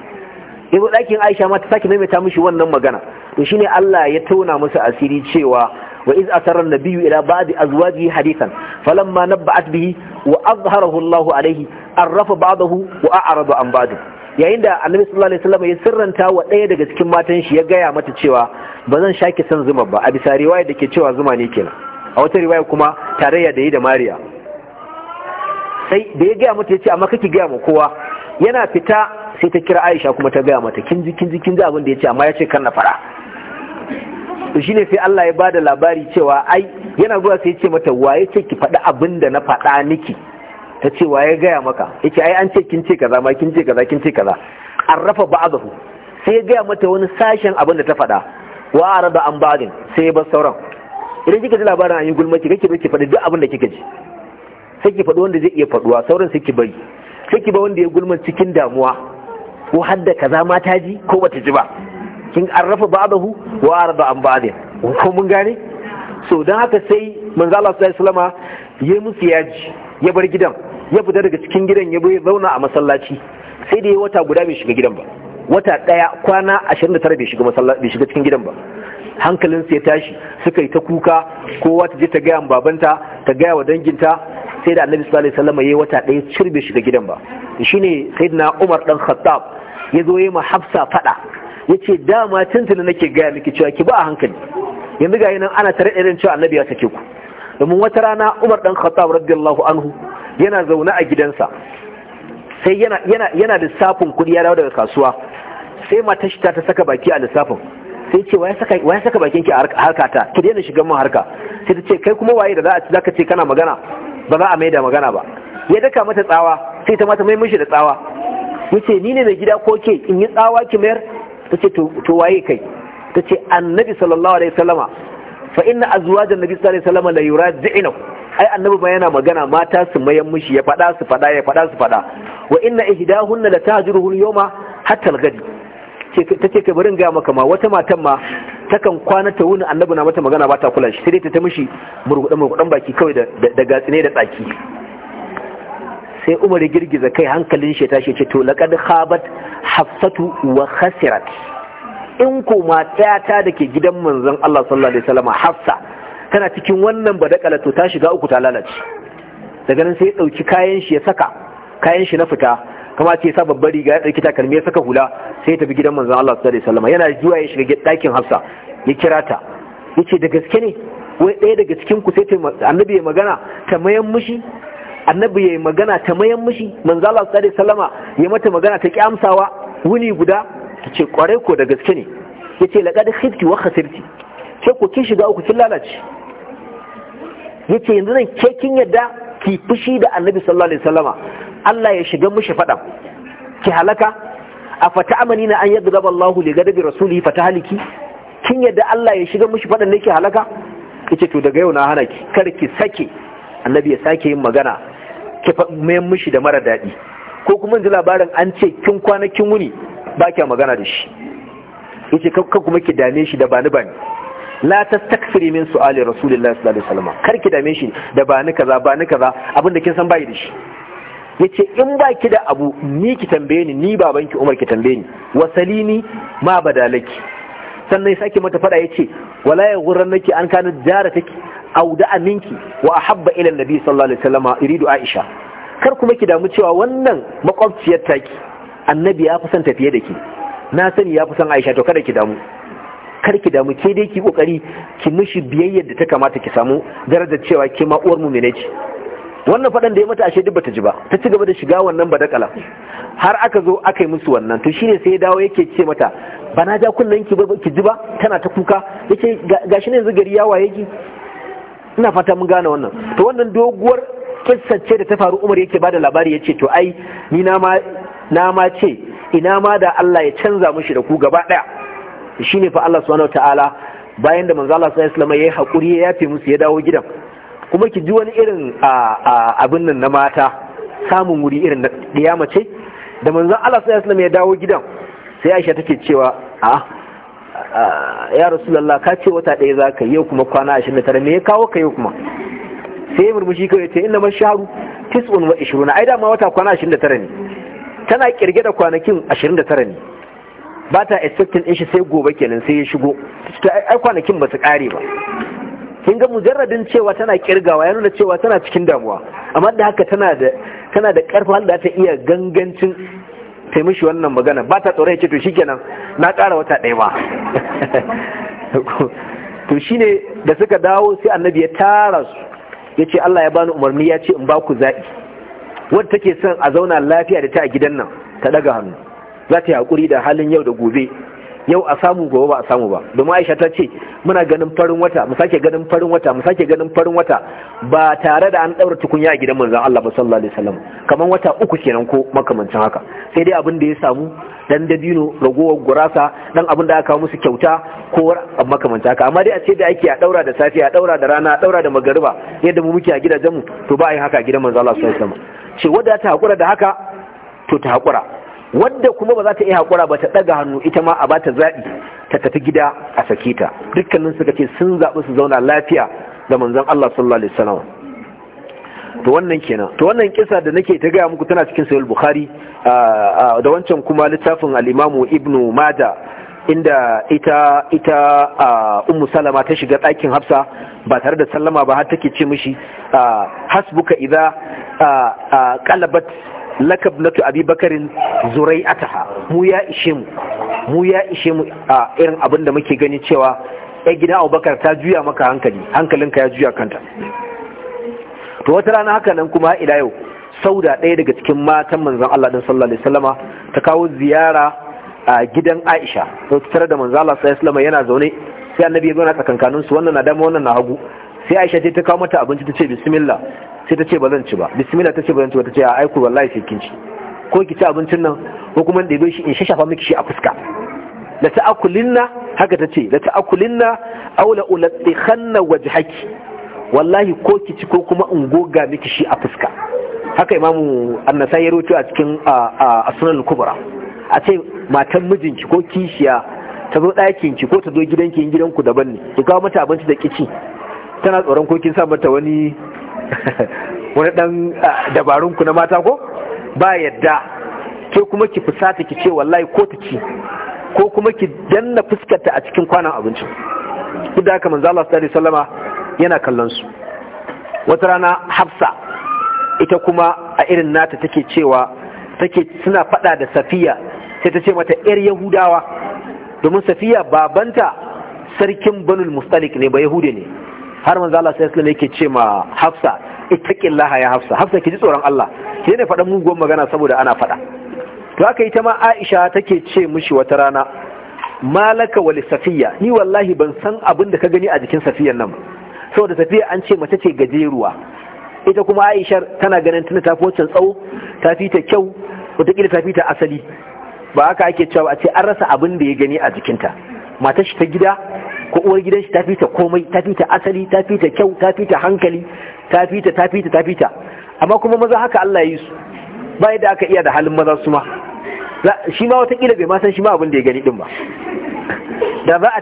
yanzu ɗakin Aisha ma ta sake maimaita mishi wannan magana to ne Allah ya tauna musu asiri cewa wa iz asarra nabiyyu ila ba'di azwajihi hadithan falamma nabba'at bihi wa azharahu Allahu alayhi arrafa ba'dahu wa a'rada an ba'dahu yayin da annabi sallallahu alaihi wasallam ya sirranta wa ɗaya daga cikin matan shi ya gaya mata cewa ba zan shaki san zuma ba a bisa riwaya da ke cewa zuma ne kenan a wata riwaya kuma tarayya da yi da mariya sai da ya gaya mata ya ce amma kake gaya ma kowa yana fita sai ta kira aisha kuma ta gaya mata kin ji kin ji kin ji abin da ya ce amma ya ce kan na fara to shine sai Allah ya bada labari cewa ai yana zuwa sai ya ce mata waye ce ki faɗi abin da na faɗa miki? ta ce waye gaya maka yake ai an ce kin ce kaza ma kin ce kaza kin ce kaza arrafa ba'dahu sai ya gaya mata wani sashen abin da ta faɗa wa arada an ba'din sai ya bar sauran idan kika ji labarin an yi gulma ki kake ki faɗi duk abin da kika ji sai ki faɗi wanda zai iya faɗuwa sauran sai ki bari sai ki ba wanda ya gulma cikin damuwa ko har da kaza ma ta ji ko bata ji ba kin arrafa ba'dahu wa arada an ba'din ko mun gane so don haka sai manzo Allah sallallahu alaihi wasallama yayi musu yaji ya bar gidan ya fita daga cikin gidan ya bai zauna a masallaci sai da ya wata guda bai shiga gidan ba wata daya kwana ashirin da tara bai shiga cikin gidan ba hankalin ya tashi suka yi ta kuka kowa ta je ta gaya babanta ta gaya wa danginta sai da annabi sallallahu alaihi wasallam yayi wata daya cir bai shiga gidan ba shine sayyidina Umar dan Khattab ya zo yayi ma Hafsa fada yace dama tuntuna nake gaya miki cewa ki ba a hankali yanzu ga nan ana tare irin cewa annabi ya sake ku domin wata rana Umar dan Khattab radiyallahu anhu yana zaune a gidansa sai yana lissafin kudi ya dawo daga kasuwa sai matar shita ta saka baki a lissafin sai ce waya saka saka bakin ki a harkata ki daina shiga mun harka sai ta ce kai kuma waye da za a ci zaka ce kana magana ba za a maida magana ba ya daka mata tsawa sai ta mata mai mishi da tsawa ce ni ne mai gida ko ke in yi tsawa ki mayar ta ce to waye kai ta ce annabi sallallahu alaihi wasallama fa inna azwajan nabi sallallahu alaihi wasallama la yuradzi'nahu ai annabi ba yana magana mata su mayan mushi ya faɗa su faɗa ya faɗa su faɗa wa inna ihdahunna la tajruhu al-yawma hatta al-ghadi tace ka barin ga maka ma wata matan ma takan kwana ta wuni annabi na mata magana ba ta kula shi sai ta ta mushi murgudan murgudan baki kawai da da gatsine da tsaki sai Umar ya girgiza kai hankalin shi tashi ce to laqad khabat hafsatu wa khasirat in ko mata ta dake gidan manzon Allah sallallahu alaihi wasallam hafsa tana cikin wannan badakala to ta shiga uku ta lalace daga nan sai ya dauki kayan shi ya saka kayan shi na fita kama ce sa babbar riga ya dauki takalmi ya saka hula sai ya tafi gidan manzon Allah sallallahu alaihi wasallam yana zuwa ya shiga dakin Hafsa ya kira ta yace da gaske ne wai ɗaya daga cikin ku sai annabi ya magana ta mayan mushi annabi ya magana ta mayan mushi manzo Allah sallallahu alaihi wasallam ya mata magana ta ki amsawa wuni guda tace kware ko da gaske ne yace laqad khifti wa khasirti sai ku kin shiga uku kin lalace ya ce yanzu nan ke kin yadda ki fushi da annabi sallallahu alaihi wasallama Allah ya shiga mishi fadan ki halaka a fata amani na an yadda Allahu li gadabi rasuli fata haliki kin yadda Allah ya shiga mishi fadan ne ki halaka yace to daga yau na hana ki kar ki sake annabi ya sake yin magana ki mayan mishi da mara daɗi. ko kuma ji labarin an ce kin kwanakin wuni ba kya magana da shi yace kuma ki dame shi da bani bani la ta takfiri min su'ali rasulullahi sallallahu alaihi wasallam kar ki dame shi da ba ni kaza ba ni kaza abin da kin san bai da shi yace in ba ki da abu ni ki tambaye ni ni baban ki Umar ki tambaye ni wasalini ma badalaki sannan ya sake mata fada yace wala ya naki an kana jara take auda aminki wa ahabba ila nabi sallallahu alaihi wasallam iridu aisha kar kuma ki damu cewa wannan makwabciyar taki annabi ya fi tafiye da ki na sani ya fi aisha to kada ki damu kar ki damu ke dai ki kokari ki mishi biyayyar da ta kamata ki samu darajar cewa ke ma uwar mumine ce wannan fadan da ya mata ashe duk bata ji ba ta ci gaba da shiga wannan badakala har aka zo aka yi musu wannan to shine sai ya dawo yake ce mata bana ja kunnen ki ba ki ji ba tana ta kuka yace gashi ne yanzu gari ya waye ki ina fata mun gane wannan to wannan doguwar kissa ce da ta faru Umar yake bada labari yace to ai ni na ma na ma ce ina ma da Allah ya canza mushi da ku gaba daya ne fa Allah subhanahu ta'ala bayan da manzo Allah sallallahu alaihi ya hakuri ya yafe musu ya dawo gidan kuma ki ji wani irin abin nan na mata samun wuri irin na diya mace da manzo Allah sallallahu alaihi ya dawo gidan sai Aisha take cewa a ya rasulullah ka ce wata ɗaya za ka yau kuma kwana tara, me ya kawo ka yau kuma sai murmushi kawai ce inna masharu tis'un wa na, ai dama wata kwana tara ne tana kirge da kwanakin tara ne ba ta expectin din shi sai gobe kenan sai ya shigo ai kwanakin ba su kare ba kin ga mujarradin cewa tana kirgawa ya nuna cewa tana cikin damuwa amma da haka tana da tana da karfin da ta iya gangancin ta mishi wannan magana ba ta tsoron ya ce to shikenan na ƙara wata ɗaya ba to shine da suka dawo sai annabi ya tara su ya ce Allah ya bani umarni ya ce in ba ku zaɓi wadda take son a zauna lafiya da ta a gidan nan ta ɗaga hannu za ta yi hakuri da halin yau da gobe yau a samu gobe ba a samu ba domin aisha ta ce muna ganin farin wata mu sake ganin farin wata mu sake ganin farin wata ba tare da an daura tukunya a gidan manzon Allah sallallahu alaihi wasallam kaman wata uku kenan ko makamancin haka sai dai abin da ya samu dan dabino ragowar gurasa dan abin da aka kawo musu kyauta ko makamancin haka amma dai a ce da ake a daura da safiya a daura da rana a daura da magariba yadda mu muke a gidajen mu to ba a yi haka a gidan manzon Allah sallallahu alaihi wasallam ce wadda ta hakura da haka to ta hakura wadda kuma ba za ta iya haƙura ba ta ɗaga hannu ita ma a bata zaɓi ta tafi gida a sake ta dukkanin suka ce sun zaɓi su zauna lafiya da manzon Allah sallallahu alaihi wasallam to wannan kenan to wannan kisa da nake ta gaya muku tana cikin sahih bukhari da wancan kuma littafin al ibnu mada inda ita ita ummu salama ta shiga ɗakin hafsa ba tare da sallama ba har take ce mishi hasbuka idza qalabat lakab na abi bakarin zurai ataha mu ya ishe mu mu ya ishe mu a irin abin da muke gani cewa ya gina abubakar ta juya maka hankali hankalinka ya juya kanta to wata rana haka nan kuma ila yau sauda ɗaya daga cikin matan manzan Allah ɗin sallallahu alaihi wasallama ta kawo ziyara a gidan Aisha to tare da manzan Allah sallallahu alaihi wasallama yana zaune sai annabi ya zauna tsakankanin su wannan na dama wannan na hagu sai aisha ta kawo mata abinci ta ce bismillah sai ta ce ba zan ci ba bismillah ta ce ba zan ci ba ta ce a aiku wallahi sai kin ci ko ki ci abincin nan ko kuma in ɗebe shi in shashafa miki shi a fuska la ta'akulinna haka ta ce la ta'akulinna aw la ulattikhanna wajhaki wallahi ko ki ci ko kuma in goga miki shi a fuska haka imamu annasa ya rawaito a cikin a sunan kubra a ce matan mijinki ko kishiya ta zo ɗakin ki ko ta zo gidanki in gidanku daban ne ki kawo mata abinci da kici tana tsoron ko kin sa mata wani wani dan dabarun ku na mata ko ba yadda ke kuma ki fusata ki ce wallahi ko ta ci ko kuma ki danna fuskarta a cikin kwanan abincin duk da haka manzo Allah sallallahu alaihi wasallama yana kallon su wata rana Hafsa ita kuma a irin nata take cewa take suna fada da Safiya sai ta ce mata yar Yahudawa domin Safiya babanta sarkin Banul Mustalik ne ba Yahude ne har manzo Allah sai sallama yake ce ma Hafsa ittaqillaha ya Hafsa Hafsa ki ji tsoron Allah ki ne faɗan muguwar magana saboda ana faɗa to aka yi ta ma Aisha take ce mishi wata rana malaka wal safiya ni wallahi ban san abin da ka gani a jikin safiyan nan saboda safiya an ce mace ce gajeruwa ita kuma Aisha tana ganin tana tafi wancan tsawo tafi ta kyau wataƙila tafi ta asali ba haka ake cewa a ce an rasa abin da ya gani a jikinta Mata shi ta gida ko uwar gidan shi ta fita komai ta fita asali ta fita kyau ta fita hankali ta fita ta fita ta fita amma kuma maza haka Allah ya yi su ba yadda aka iya da halin maza su ma shi ma watakila bai ma san shi ma abin da ya gani din ba da za a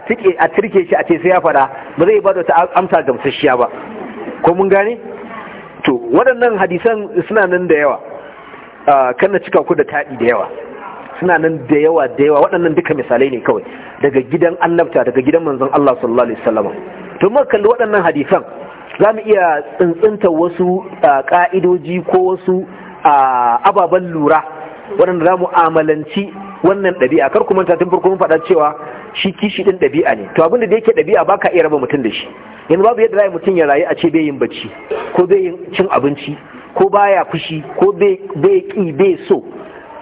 tirke shi a ce sai ya fada ba zai bada ta amsa gamsasshiya ba ko mun gane to waɗannan hadisan suna nan da yawa ah, kan na cika ku da taɗi da yawa suna nan da yawa da yawa waɗannan duka misalai ne kawai daga gidan annabta daga gidan manzon Allah sallallahu alaihi wasallam to mun kalli waɗannan hadisan za mu iya tsintsinta wasu ƙa'idoji ko wasu ababen lura waɗanda za mu amalanci wannan ɗabi'a kar kuma tun farko mun faɗa cewa shi kishi ɗin ɗabi'a ne to abinda da yake ɗabi'a ba ka iya raba mutum da shi yanzu babu yadda za mutum ya rayu a ce bai yin bacci ko bai yin cin abinci ko baya fushi ko bai ƙi bai so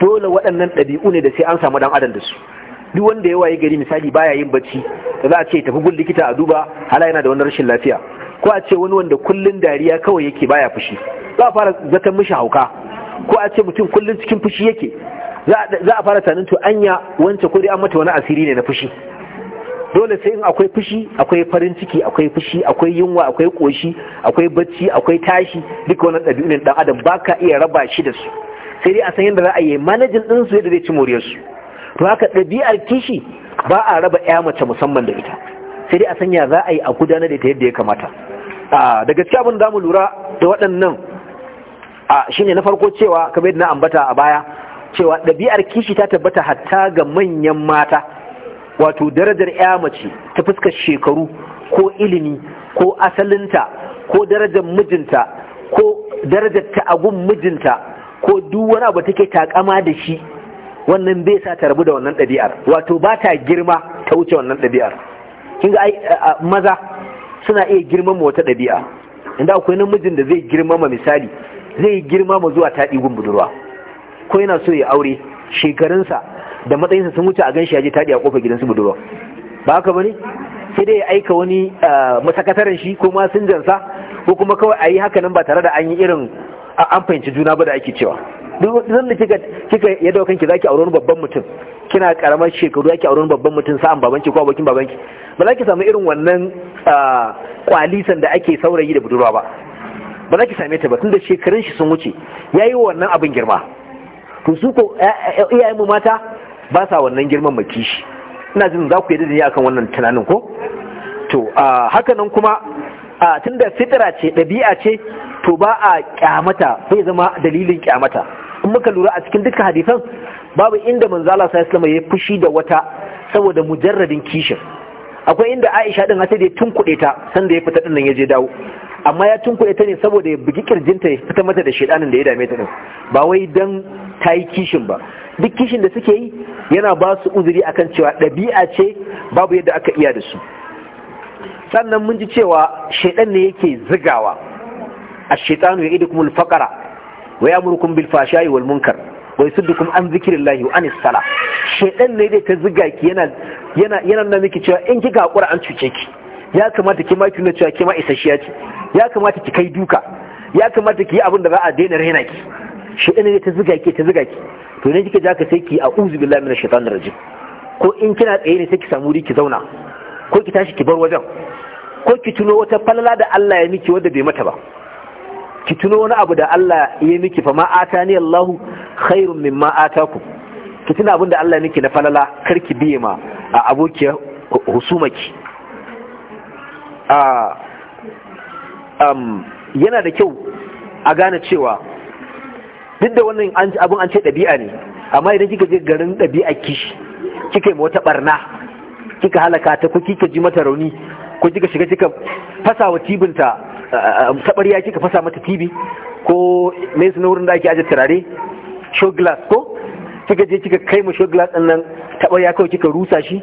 dole waɗannan ɗabi'u ne da sai an samu ɗan adam da su duk wanda ya waye gari misali baya yin bacci da za a ce tafi gun likita a duba hala yana da wani rashin lafiya ko a ce wani wanda kullun dariya kawai yake baya fushi za a fara zaton mishi hauka ko a ce mutum kullun cikin fushi yake za a fara tanin to anya wance ko dai an mata wani asiri ne na fushi dole sai in akwai fushi akwai farin ciki akwai fushi akwai yunwa akwai koshi akwai bacci akwai tashi duka wannan ɗabi'un dan adam baka iya raba shi da su sai dai a san yadda za a yi manajin su yadda zai ci moriyarsu to haka ɗabi'ar kishi ba a raba ya mace musamman da ita sai dai a sanya za a yi a gudanar da ita yadda ya kamata da gaske abin da mu lura da waɗannan shine na farko cewa kamar yadda na ambata a baya cewa ɗabi'ar kishi ta tabbata hatta ga manyan mata wato darajar ya mace ta fuskar shekaru ko ilimi ko asalinta ko darajar mijinta ko darajar ta agun mijinta ko duk wani abu take takama da shi wannan bai sa ta rabu da wannan ɗabi'ar wato ba ta girma ta wuce wannan ɗabi'ar kin ga ai maza suna iya girmama wata ɗabi'a inda akwai namijin da zai girmama misali zai girmama zuwa taɗi gun budurwa ko yana so ya aure shekarunsa da matsayinsa sun wuce a ganshi ya je taɗi a kofar gidansu budurwa ba haka bane sai dai ya aika wani masakataren shi ko masinjansa ko kuma kawai a yi haka nan ba tare da an yi irin an fahimci juna ba da ake cewa duk da kika kika ya daukan ki zaki auren babban mutum kina karamar shekaru zaki auren babban mutum sa'an ki, ko abokin babanki ba za ki sami irin wannan ah, kwalisan da ake saurayi da budurwa ba ba za ki same ta ba tunda shekarun shi sun wuce yayi wannan abin girma to su ko iyayen mu mata ba sa wannan girman maki shi ina jin za ku yi dadi akan wannan tunanin ko to ah, haka nan kuma ah, tunda fitara ce ɗabi'a ce to ba a kyamata bai zama dalilin kyamata muka lura a cikin dukkan hadisan babu inda manzala sa islama ya fushi da wata saboda mujarradin kishin akwai inda aisha din hata da ya tunkuɗe ta sanda ya fita din nan ya je dawo amma ya tunkuɗe ta ne saboda ya bugi kirjinta ya fita mata da shedanin da ya dame ta din ba wai dan ta yi kishin ba duk kishin da suke yi yana ba su uzuri akan cewa ɗabi'a ce babu yadda aka iya da su sannan mun ji cewa shedan ne yake zigawa a shaitanu ya idi kuma fakara wa ya'murukum bil fashai wal munkar wa yasuddukum an zikrillahi wa anis sala shedan ne dai ta ziga ki yana yana yana nuna miki cewa in kika hakura an cuce ki ya kamata ki ma ki nuna cewa ki ma isasshiya ce ya kamata ki kai duka ya kamata ki yi abin da za a daina raina ki shedan ne ta ziga ki ta ziga ki to ne kika ja ka sai ki a'udhu billahi minash shaitanir rajim ko in kina tsaye ne sai ki samu wuri ki zauna ko ki tashi ki bar wajen ko ki tuno wata falala da Allah ya miki wanda bai mata ba ki tuno wani abu da Allah ya miki fa ma ni Allahu khairun mimma ataku ki tuna abin da Allah ya miki na falala kar ki biye ma a abokiyar husumaki a um yana da kyau a gane cewa duk da wannan abun an ce ɗabi'a ne amma idan kika je garin ɗabi'a kishi kika yi wata barna kika halaka ta ko kika ji mata rauni ko kika shiga kika fasa wa tibinta tabariya kika fasa mata TV ko mai suna wurin da ake aje turare show glass ko kika je kika kai mu show glass din nan tabariya kawai kika rusa shi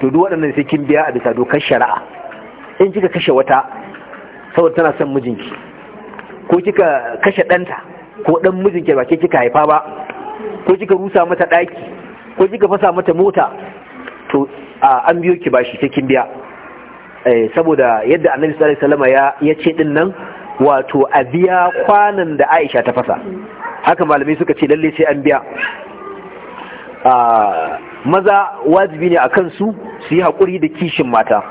to duk waɗannan sai kin biya a bisa dokar shari'a in kika kashe wata saboda tana son mijinki ko kika kashe ɗanta ko ɗan mijinki ba ke kika haifa ba ko kika rusa mata ɗaki ko kika fasa mata mota to an biyo ki bashi sai kin biya Eh, saboda yadda annabi sallallahu alaihi wasallam ya ce din nan wato a biya kwanan da Aisha ta fasa haka malamai suka ce lalle sai an biya ah, maza wajibi ne akan su su yi hakuri da kishin mata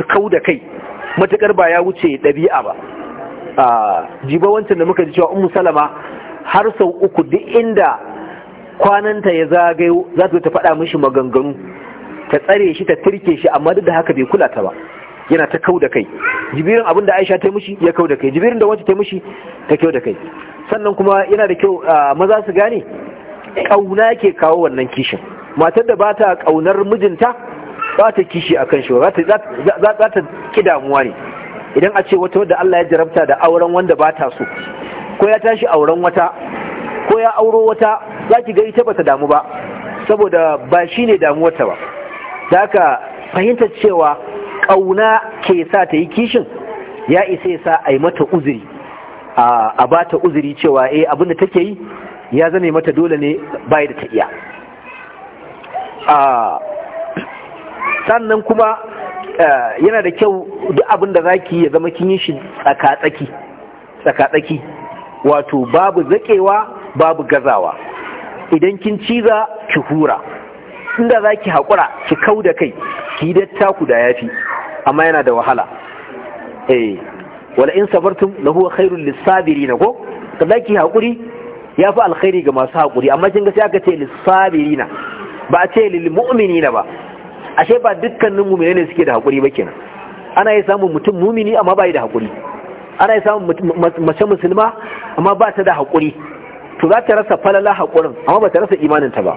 su kau da kai matukar ba ya wuce dabi'a ba ah, jiba wancan da muka ji cewa ummu salama har sau uku duk inda kwananta ya zagayo za ta faɗa mishi maganganu ta tsare shi ta turke shi amma duk da haka bai kula ta ba yana ta kau da kai jibirin abin da aisha ta yi mushi ya kau da kai jibirin da wancan ta yi mushi ta kyau da kai sannan kuma yana da kyau maza su gane kauna ke kawo wannan kishin matar da ba ta kaunar mijinta ba ta kishi a kan shi za ta ki damuwa ne idan a ce wata wadda Allah ya jarabta da auren wanda ba ta so ko ya tashi auren wata ko ya auro wata za ki ga ita ba ta damu ba saboda ba shi ne damuwarta ba da haka fahimtar cewa ƙauna ke sa ta yi kishin ya isa ya sa a yi mata uzuri a ba ta uzuri cewa e eh, abinda take yi ya zane mata dole ne bai da ta iya sannan kuma yana da kyau duk za ki zaki ya zama kin yi shi tsaka wato babu zakewa babu gazawa idan kin ciza ki hura da za ki haƙura ki kau da kai ki datta ku da yafi amma yana da wahala eh wala in sabartum la huwa khairul lisabirin ko kada ki haƙuri ya fi alkhairi ga masu haƙuri amma kin ga sai aka ce lisabirin ba a ce lil mu'minin ba ashe ba dukkanin mu'mini ne suke da haƙuri ba kenan ana yi samun mutum mumini amma yi da haƙuri ana yi samun mace musulma amma ba ta da haƙuri to za ta rasa falala haƙurin amma ba ta rasa imaninta ba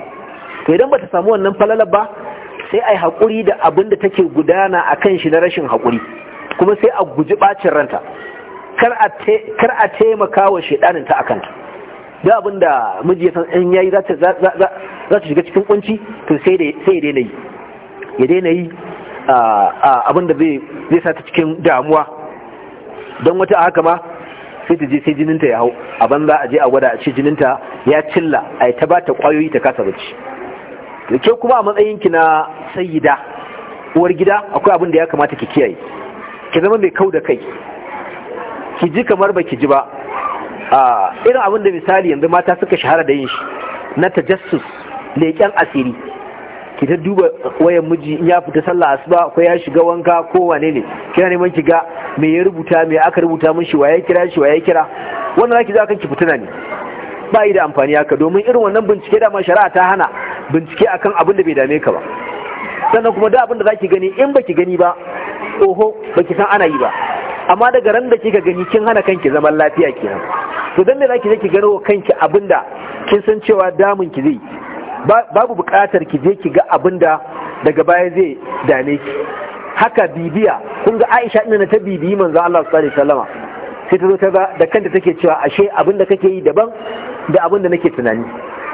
to idan bata samu wannan falalar ba sai ai haƙuri da abin da take gudana a kan shi na rashin haƙuri kuma sai a guji ɓacin ranta kar a taimaka wa shaidanin ta kanta. da abin da miji ya san in yayi za ta shiga cikin kunci to sai ya daina yi ya daina yi abin da zai sa ta cikin damuwa don wata haka ma sai ta je sai jininta ya hau a banza a je a gwada a ce jininta ya cilla a ta ba ta kwayoyi ta kasa bacci da ke kuma a matsayinki na sayida uwar gida akwai abin da ya kamata ki kiyaye ki zama mai kau da kai ki ji kamar ba ki ji ba a irin abin da misali yanzu mata suka shahara da yin shi na tajassus leƙen asiri ki ta duba wayan miji in ya fita sallah asuba ko ya shiga wanka ko wane ne kina neman ki ga me ya rubuta me aka rubuta min shi waye kira shi waye kira wannan zaki za kanki fitina ne ba yi da amfani haka domin irin wannan bincike da ma shari'a ta hana bincike akan abin da bai dame ka ba sannan kuma da abin da zaki gani in baki gani ba oho baki san ana yi ba amma daga ran da kika gani kin hana kanki zaman lafiya kenan to dan me zaki je ki gano kanki abinda kin san cewa damun ki zai babu buƙatar ki je ki ga abin da daga baya zai dame ki haka bibiya kun ga Aisha ina ta bibiyi manzo Allah sallallahu alaihi wasallam sai ta zo ta da kanta take cewa ashe abinda kake yi daban da abin da nake tunani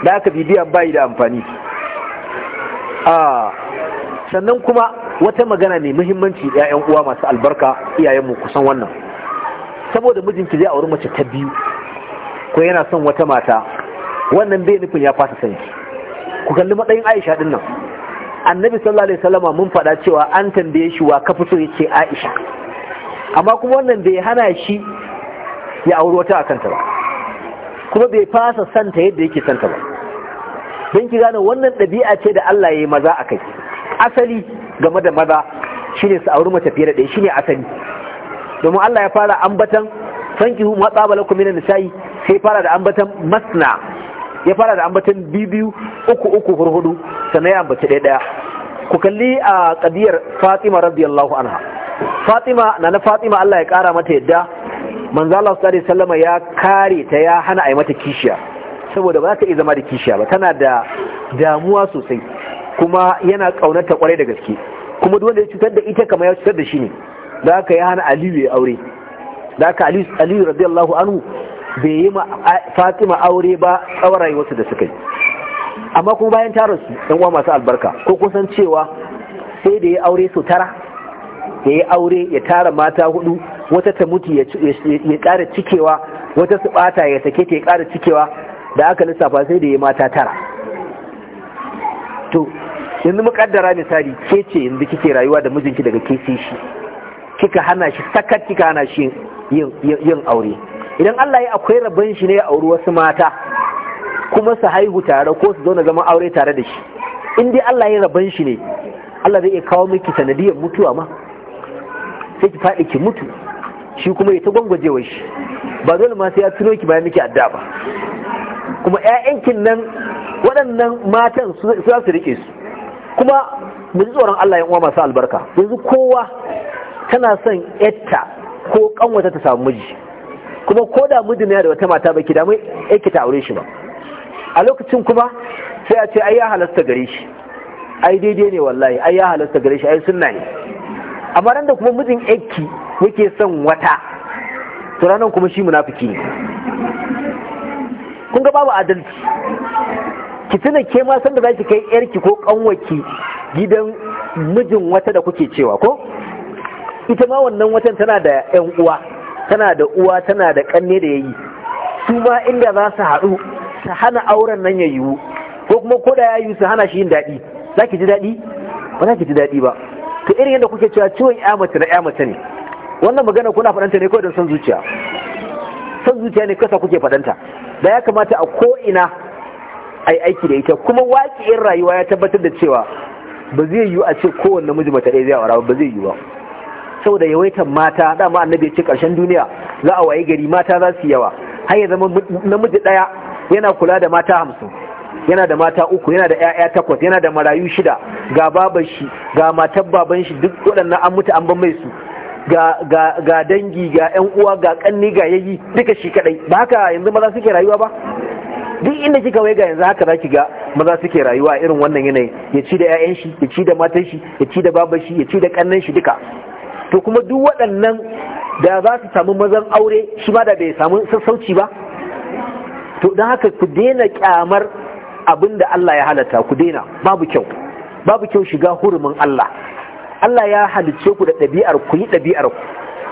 da aka bibiya bayi da amfani a sannan kuma wata magana mai muhimmanci ‘ya'yan uwa masu albarka iyayenmu kusan wannan saboda mijinki zai auri mace ta biyu ko yana son wata mata wannan bai nufin ya fasa sanki ku kalli matsayin aisha din nan annabi sallallahu alaihi wasallama mun faɗa cewa an tambaye shi wa ka fito yace aisha amma kuma wannan bai hana shi ya auri wata a kanta ba kuma bai fasa santa yadda yake santa ba don ki gane wannan ɗabi'a ce da Allah ya yi maza a kai asali game da maza shine su auri mace fiye da ɗaya shine asali domin Allah ya fara ambatan hu matsa bala kuma minan nishayi sai fara da ambatan masna ya fara da ambatan bibiyu uku uku hurhudu sannan ya ambaci ɗaya ɗaya ku kalli a ƙadiyar Fatima radiyallahu anha Fatima na na Fatima Allah ya ƙara mata yadda Manzala Allah sallallahu alaihi ya kare ta ya hana a yi mata kishiya saboda ba za ta iya zama da kishiya ba tana da damuwa sosai kuma yana ƙaunarta kwarai da gaske kuma duk wanda ya cutar da ita kamar ya cutar da shi ne da aka ya hana aliyu ya aure da aka aliyu radiyallahu anhu bai yi fatima aure ba tsawon rayuwarsu da suka yi amma kuma bayan tara su ɗan uwa masu albarka ko kusan cewa sai da ya aure su tara ya yi aure ya tara mata hudu wata ta mutu ya ƙara cikewa wata su bata ya sake ta ya ƙara cikewa da aka lissafa sai da ya mata tara to yanzu muƙaddara misali ke ce yanzu kike rayuwa da mijinki daga ke shi kika hana shi sakat kika hana shi yin aure idan Allah ya akwai rabin shi ne ya auri wasu mata kuma su haihu tare ko su zauna zama aure tare da shi in dai Allah ya rabin shi ne Allah zai iya kawo miki sanadiyar mutuwa ma sai ki faɗi ki mutu shi kuma ya ta wa shi ba dole ma sai ya tuno ki bayan miki adda ba kuma ƴaƴankin nan waɗannan matan su za su rike su kuma mu ji tsoron Allah ya uwa masu albarka yanzu kowa tana son yatta ko ƙanwata ta samu miji kuma ko da miji na da wata mata baki da mai yake ta aure shi ba a lokacin kuma sai a ce ai ya halasta gare shi ai daidai ne wallahi ai ya halasta gare shi ai sunna ne amma da kuma mijin yake yake son wata to ranar kuma shi munafiki ne kun ga babu adalci ki tuna ke ma san da zaki kai yarki ko kanwaki gidan mijin wata da kuke cewa ko ita ma wannan watan tana da yan uwa tana da uwa tana da kanne da yayi su ma inda za su haɗu su hana auren nan ya yiwu ko kuma ko da ya yiwu su hana shi yin daɗi za ki ji daɗi ba za ki ji daɗi ba to irin yadda kuke cewa ciwon ya mace na ya mace ne wannan magana kuna faɗanta ne kawai don son zuciya son zuciya ne kasa kuke faɗanta da ya kamata a ko'ina a yi aiki da ita kuma waƙi'in rayuwa ya tabbatar da cewa ba zai yiwu a ce kowane namiji mata ɗaya zai aura ba zai yiwu ba saboda yawaitar mata dama annabi ya ce ƙarshen duniya za a waye gari mata za su yawa har ya zama namiji ɗaya yana kula da mata hamsin yana da mata uku yana da ƴaƴa takwas yana da marayu shida ga baban shi ga matan baban shi duk waɗannan an mutu an ban mai su ga dangi ga yan uwa ga kanni ga yayi duka shi kadai ba haka yanzu maza suke rayuwa ba duk inda kika wai ga yanzu haka zaki ga maza suke rayuwa irin wannan yanayi ya ci da 'ya'yan shi ya ci da matan shi ya ci da baban shi ya ci da kannan shi duka to kuma duk waɗannan da za su samu mazan aure shi ma da bai samu sassauci ba to don haka ku daina kyamar abinda Allah ya halatta ku daina babu kyau babu kyau shiga hurumin Allah Allah ya halicce ku da ɗabi'ar ku yi ɗabi'ar ku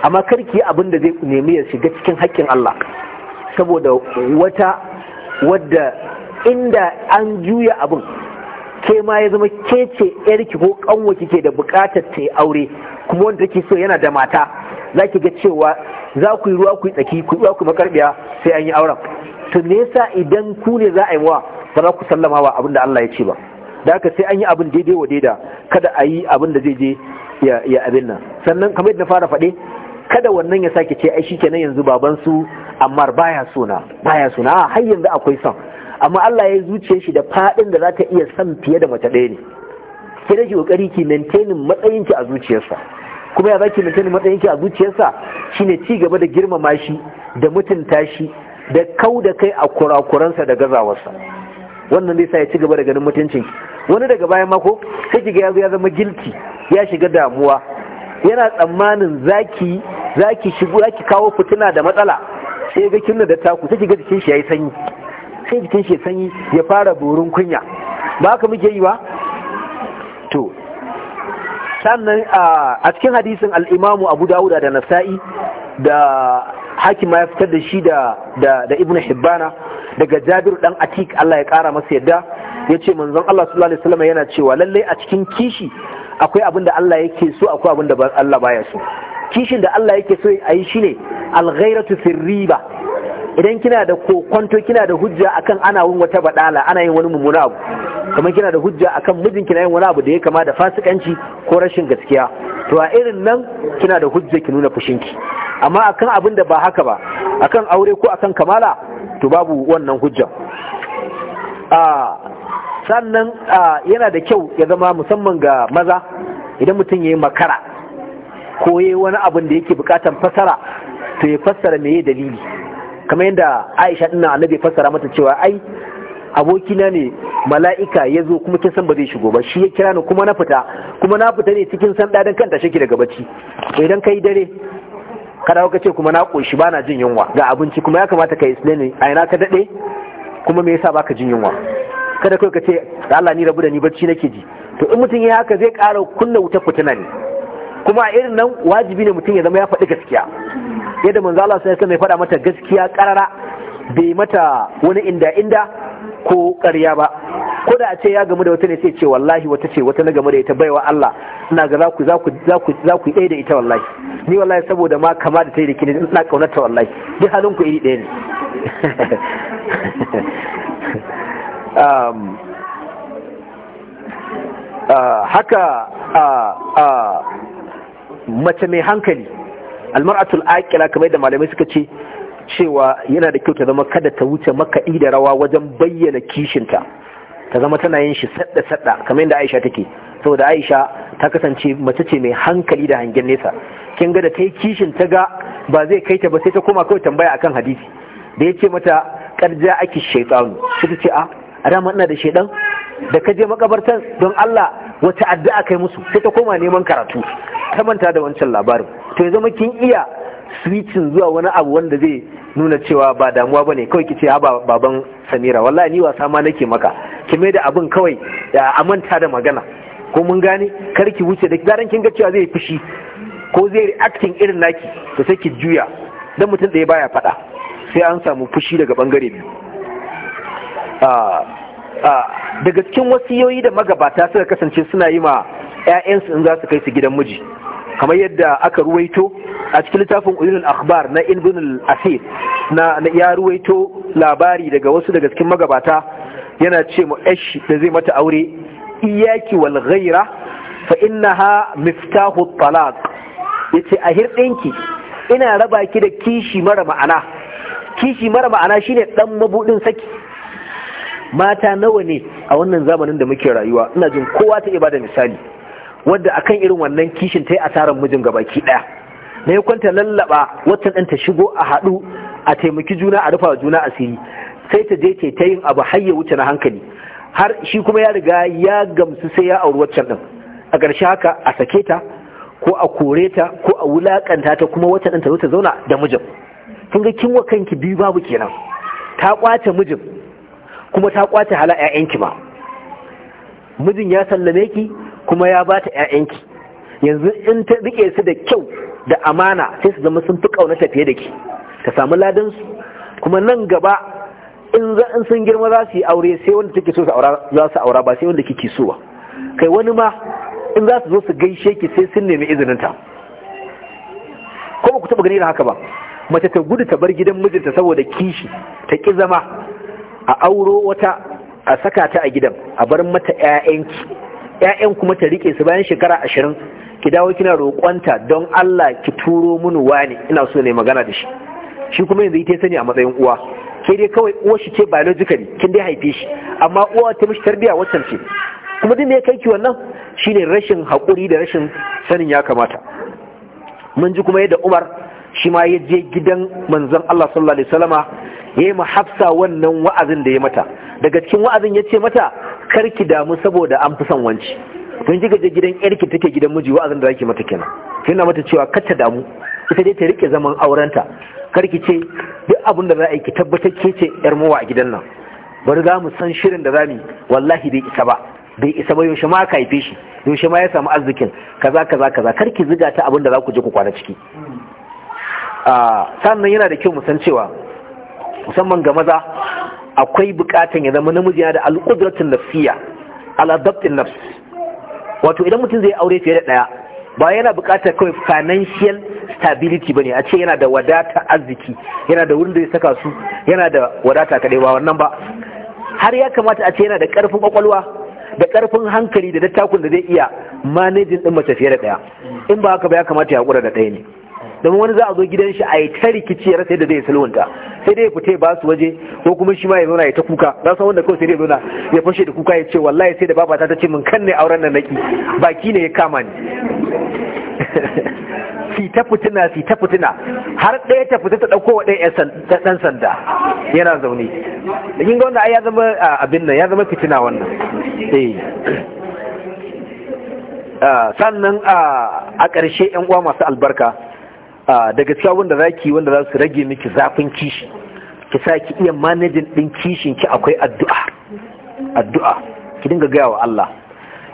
amma kar ki abin da zai nemi ya shiga cikin haƙƙin Allah saboda wata wadda inda an juya abin ke ma ya zama ke ce yarki ko kanwa kike da buƙatar ta yi aure kuma wanda take so yana da mata za ki ga cewa za ku yi ruwa ku yi tsaki ku ruwa ku makarbiya sai an yi auren to me yasa idan ku ne za a yi wa ba za ku sallama wa abin da Allah ya ce ba da haka sai an yi abin daidai wa daida kada a yi abin da zai je ya abin nan sannan kamar yadda na fara faɗe kada wannan ya sake ce ai shi kenan yanzu baban su amma baya suna baya suna a har yanzu akwai son amma Allah ya zuciye shi da faɗin da za ta iya son fiye da mace ɗaya ne ki da kokari ki maintain matsayin ki a zuciyarsa kuma ya zaki maintain matsayin ki a zuciyarsa shine ci gaba da girmama shi da mutunta shi da kau da kai a kurakuransa da gazawarsa wannan zai sa ya ci gaba da ganin mutuncin wani daga bayan mako sai ki ya ya zama gilti ya shiga damuwa yana tsammanin zaki zaki shigo zaki kawo fitina da matsala sai ga kinna da taku sai ga jikin shi yayi sanyi sai jikin shi sanyi ya fara borin kunya ba haka muke yi ba to sannan a cikin hadisin al-Imamu Abu Dawud da Nasa'i da hakim ya fitar da shi da da Ibn Hibbana daga Jabir dan Atik Allah ya kara masa yadda ya ce manzon Allah sallallahu alaihi wasallam yana cewa lallai a cikin kishi akwai abin da Allah yake so akwai abin da Allah baya so kishin da Allah yake so a yi shine alghairatu firriba idan kina da kokonto kina da hujja akan ana wun wata badala ana yin wani mummuna abu kamar kina da hujja akan mijin kina yin wani abu da ya kama da fasikanci ko rashin gaskiya to a irin nan kina da hujja ki nuna fushinki amma akan abin da ba haka ba akan aure ko akan kamala to babu wannan hujja ah, sannan yana da kyau ya zama musamman ga maza idan mutum ya yi makara ko ya wani abin da yake bukatan fasara to ya fassara me dalili kamar yadda aisha ɗina annabi ya fasara mata cewa ai abokina ne mala'ika ya zo kuma kin san ba zai shigo ba shi ya kira ni kuma na fita kuma na fita ne cikin san dan kanta ke daga bacci to idan yi dare kada ka ce kuma na koshi ba na jin yunwa ga abinci kuma ya kamata ka yi ne a ina ka daɗe? kuma me yasa baka jin yunwa kada kai ka ce Allah ni rabu da ni bacci nake ji to in mutum ya haka zai ƙara kunna wutar fitina ne kuma a irin nan wajibi ne mutum ya zama ya faɗi gaskiya yadda manzo Allah sai ya faɗa mata gaskiya ƙarara, bai mata wani inda inda ko ƙarya ba ko da a ce ya gamu da wata ne sai ce wallahi wata ce wata na gamu da ita baiwa Allah ina ga za ku za ku za ku za ku da ita wallahi ni wallahi saboda ma kama da ta yi da kini ina kaunarta wallahi duk halin ku iri ɗaya ne Um, uh, haka uh, uh, mace mai hankali almar'atul aqila kamar da malamai suka ce cewa yana da kyau ta zama kada ta wuce makaɗi da rawa wajen bayyana kishinta ta zama tana yin shi sadda sadda kamar yadda Aisha take saboda Aisha ta kasance mace ce mai hankali da hangen nesa kin ga da ta yi kishin ta ga ba zai kai ta ba sai ta koma kawai tambaya akan hadisi da ya ce mata karja aki shaytanu sai ta ce a ah, a dama ina da shedan da ka je makabartar don Allah wata addu'a kai musu sai ta koma neman karatu ta manta da wancan labarin to ya zama kin iya switchin zuwa wani abu wanda zai nuna cewa ba damuwa bane kawai ki ce ha baban Samira wallahi ni wasa ma nake maka ki mai da abin kawai a manta da magana ko mun gane kar ki wuce da garan kin ga cewa zai fushi ko zai reacting irin naki to sai ki juya dan mutum da ya baya fada sai an samu fushi daga bangare biyu daga cikin wasiyoyi da magabata suka kasance suna yi ma 'ya'yansu in za su kai su gidan miji kamar yadda aka ruwaito a cikin littafin ulul akhbar na ibn al-asir na ya ruwaito labari daga wasu daga cikin magabata yana ce mu ash da zai mata aure iyaki wal ghaira fa innaha miftahu talaq yace a hirdinki ina raba ki da kishi mara ma'ana kishi mara ma'ana shine ɗan mabuɗin saki mata nawa ne a wannan zamanin da muke rayuwa ina jin kowa ta iya bada misali wadda akan irin wannan kishin ta yi asarar mijin gaba ki daya na yi kwanta lallaba watan ɗan ta shigo a haɗu a taimaki juna a rufa juna asiri sai ta je ke ta yin abu har wuce na hankali har shi kuma ya riga ya gamsu sai ya auri waccan ɗin a ƙarshe haka a sake ta ko a kore ta ko a wulaƙanta ta kuma waccan ɗin ta zo ta zauna da mijin kin ga kin wa kanki biyu babu kenan ta ƙwace mijin kuma ta kwace hala ƴaƴanki ba mijin ya sallame ki kuma ya ba ta ƴaƴanki yanzu in ta rike su da kyau da amana sai su zama sun fi ƙaunata fiye da ki ta samu ladan su kuma nan gaba in sun girma za su yi aure sai wanda take so su aura za su aura ba sai wanda kike so ba kai wani ma in za su zo su gaishe ki sai sun nemi izinin ta ko ba ku taba gani da haka ba mace ta gudu ta bar gidan mijinta saboda kishi ta ki zama a auro wata a saka ta a gidan a bar mata 'ya'yanki 'ya'yan kuma ta rike su bayan shekara ashirin ki dawo kina roƙonta don Allah ki turo mini wani ina so ne magana da shi shi kuma yanzu ita sani a matsayin uwa ke dai kawai uwa shi ce biologically kin dai haife shi amma uwa ta mishi tarbiya waccan ce kuma duk ya kai ki wannan shine rashin haƙuri da rashin sanin ya kamata mun ji kuma yadda Umar shi ma ya je gidan manzon Allah sallallahu alaihi wasallama yayi ma hafsa wannan wa'azin da ya mata daga cikin wa'azin ya ce mata karki damu saboda an fi son wanci tun ji je gidan yarki take gidan miji wa'azin da zaki mata kenan kina mata cewa kar damu ita dai ta rike zaman aurenta karki ce duk abin da za a yi ki tabbatar ke ce yar mawa a gidan nan bari za mu san shirin da za mu wallahi bai isa ba bai isa ba yaushe ma ka haife shi yaushe ma ya samu arzikin kaza kaza kaza karki ziga ta abin da za ku je ku kwana ciki ah, sannan yana da kyau mu san cewa musamman ga maza akwai bukatan ya zama namiji yana da alƙudratin nafsiya al'adabtin nafs wato idan mutum zai aure fiye da ɗaya ba yana bukatar kawai financial stability bane a ce yana da wadata arziki yana da wurin da ya saka su yana da wadata kadai ba wannan ba har ya kamata a ce yana da karfin kwakwalwa da karfin hankali da dattakun da zai iya manajin din mace fiye da ɗaya in ba haka ba ya kamata ya hakura da ɗaya ne domin wani za a zo gidan shi a yi ta rikici sai da zai sulhunta sai dai ya fita ba su waje ko kuma shi ma ya zauna ya ta kuka na san wanda kawai sai dai zauna ya fashe da kuka ya ce wallahi sai da babata ta ce min kan ne auren nan naki baki ne ya kama ni si ta fitina si ta fitina har ɗaya ta fita ta ɗauko wa ɗaya ɗan sanda yana zaune kin ga wanda ai ya zama abin nan ya zama fitina wannan eh. ah, sannan ah, a ƙarshe 'yan uwa masu albarka daga cikin abin za ki wanda za su rage miki zafin kishi ki sa ki iya manajin din kishin ki akwai addu'a addu'a ki dinga gaya wa Allah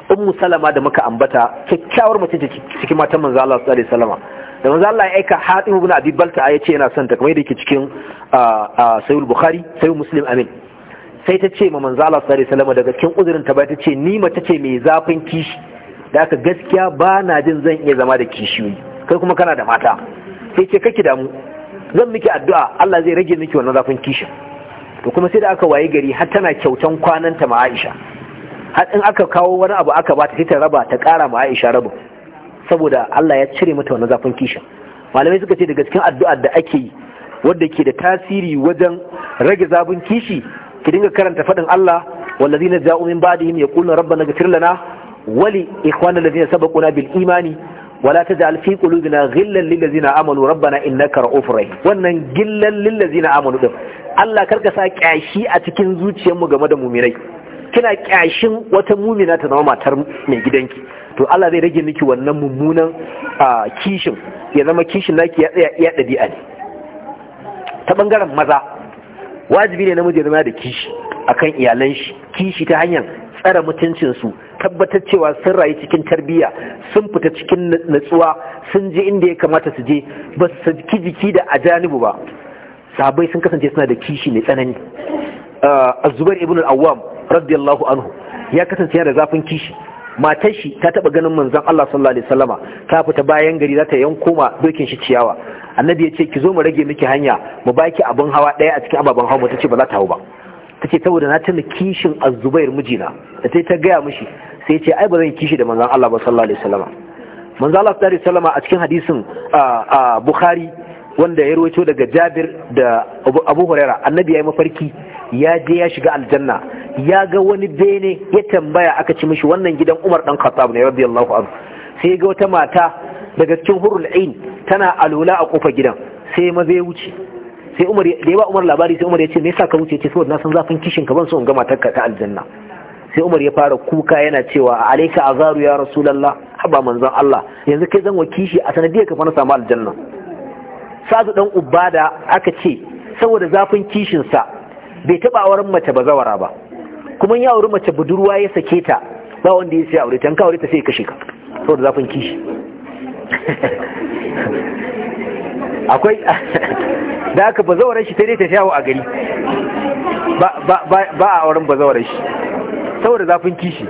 ummu salama da muka ambata kyakkyawar mace ce cikin matan manzo Allah sallallahu alaihi wasallam da manzo Allah ya aika Hatim ibn Abi Balta ya ce yana son ta kamar yadda yake cikin Sahih Bukhari Sahih Muslim amin sai ta ce ma manzo Allah sallallahu alaihi wasallam daga cikin uzurin ta ba ta ce ni mace ce mai zafin kishi da aka gaskiya ba na jin zan iya zama da kishiyoyi kai kuma kana da mata sai ce kake damu zan miki addu'a Allah zai rage miki wannan zafin kishin to kuma sai da aka waye gari har tana kyautan kwanan ta ma Aisha har in aka kawo wani abu aka bata sai ta raba ta kara ma Aisha rabin saboda Allah ya cire mata wannan zafin kishin malamai suka ce daga cikin addu'ar da ake yi wanda ke da tasiri wajen rage zafin kishi ki dinga karanta faɗin Allah wallazina ja'u min ba'dihim yaquluna rabbana ighfir lana wa li ikhwana allazina sabaquna bil imani wala taj'al na qulubina lilla zina ladzina amanu rabbana innaka ra'ufur ofurai. wannan gillan lilla zina amanu din Allah kar ka sa kyashi a cikin zuciyar mu game da muminai kina kyashin wata mumina ta zama matar mai gidanki to Allah zai rage miki wannan mummunan kishin ya zama kishin naki ya tsaya iya a ne ta bangaren maza wajibi ne namiji zama da kishi akan iyalan shi kishi ta hanyar tsara mutuncin su tabbatar cewa sun rayu cikin tarbiyya sun fita cikin natsuwa sun je inda ya kamata su je ba su saki jiki da ajanibu ba sabai sun kasance suna da kishi mai tsanani azubair uh, ibn al-awwam radiyallahu anhu ya kasance yana da zafin kishi matar shi ta taba ganin manzon Allah sallallahu alaihi wasallama ta fita bayan gari za ta yanko ma dokin shi ciyawa annabi ya ce ki zo mu rage miki hanya mu baki abun hawa daya a cikin ababen hawa ta ce ba za ta hau ba tace saboda na tuna kishin azubair mijina da ta ta gaya mishi sai ce ai ba zan kishi da manzon Allah ba sallallahu alaihi wasallam manzon Allah sallallahu alaihi wasallam a cikin hadisin a Bukhari wanda ya rawaito daga Jabir da Abu Huraira annabi yayi mafarki ya je ya shiga aljanna ya ga wani bene ya tambaya aka ci mishi wannan gidan Umar dan Khattab ne radiyallahu anhu sai ga wata mata daga cikin hurul ain tana alula a kofar gidan sai maza ya wuce sai Umar da ya ba Umar labari sai Umar ya ce me yasa ka wuce ce saboda na san zafin kishin ka ban so in ga matar ka ta aljanna sai Umar ya fara kuka yana cewa alaika azaru ya rasulullah haba manzon Allah yanzu kai zan waki shi a sanadiyar ka na samu aljanna sa'adu dan ubada aka ce saboda zafin kishin sa bai taba auren mace ba zawara ba kuma ya auri mace budurwa ya sake ta ba wanda ya sai aure ta ka aure ta sai ya kashe ka saboda zafin kishi akwai da aka bazawarar shi sai dai ta shawo a gari ba a auren bazawarar shi saboda zafin kishi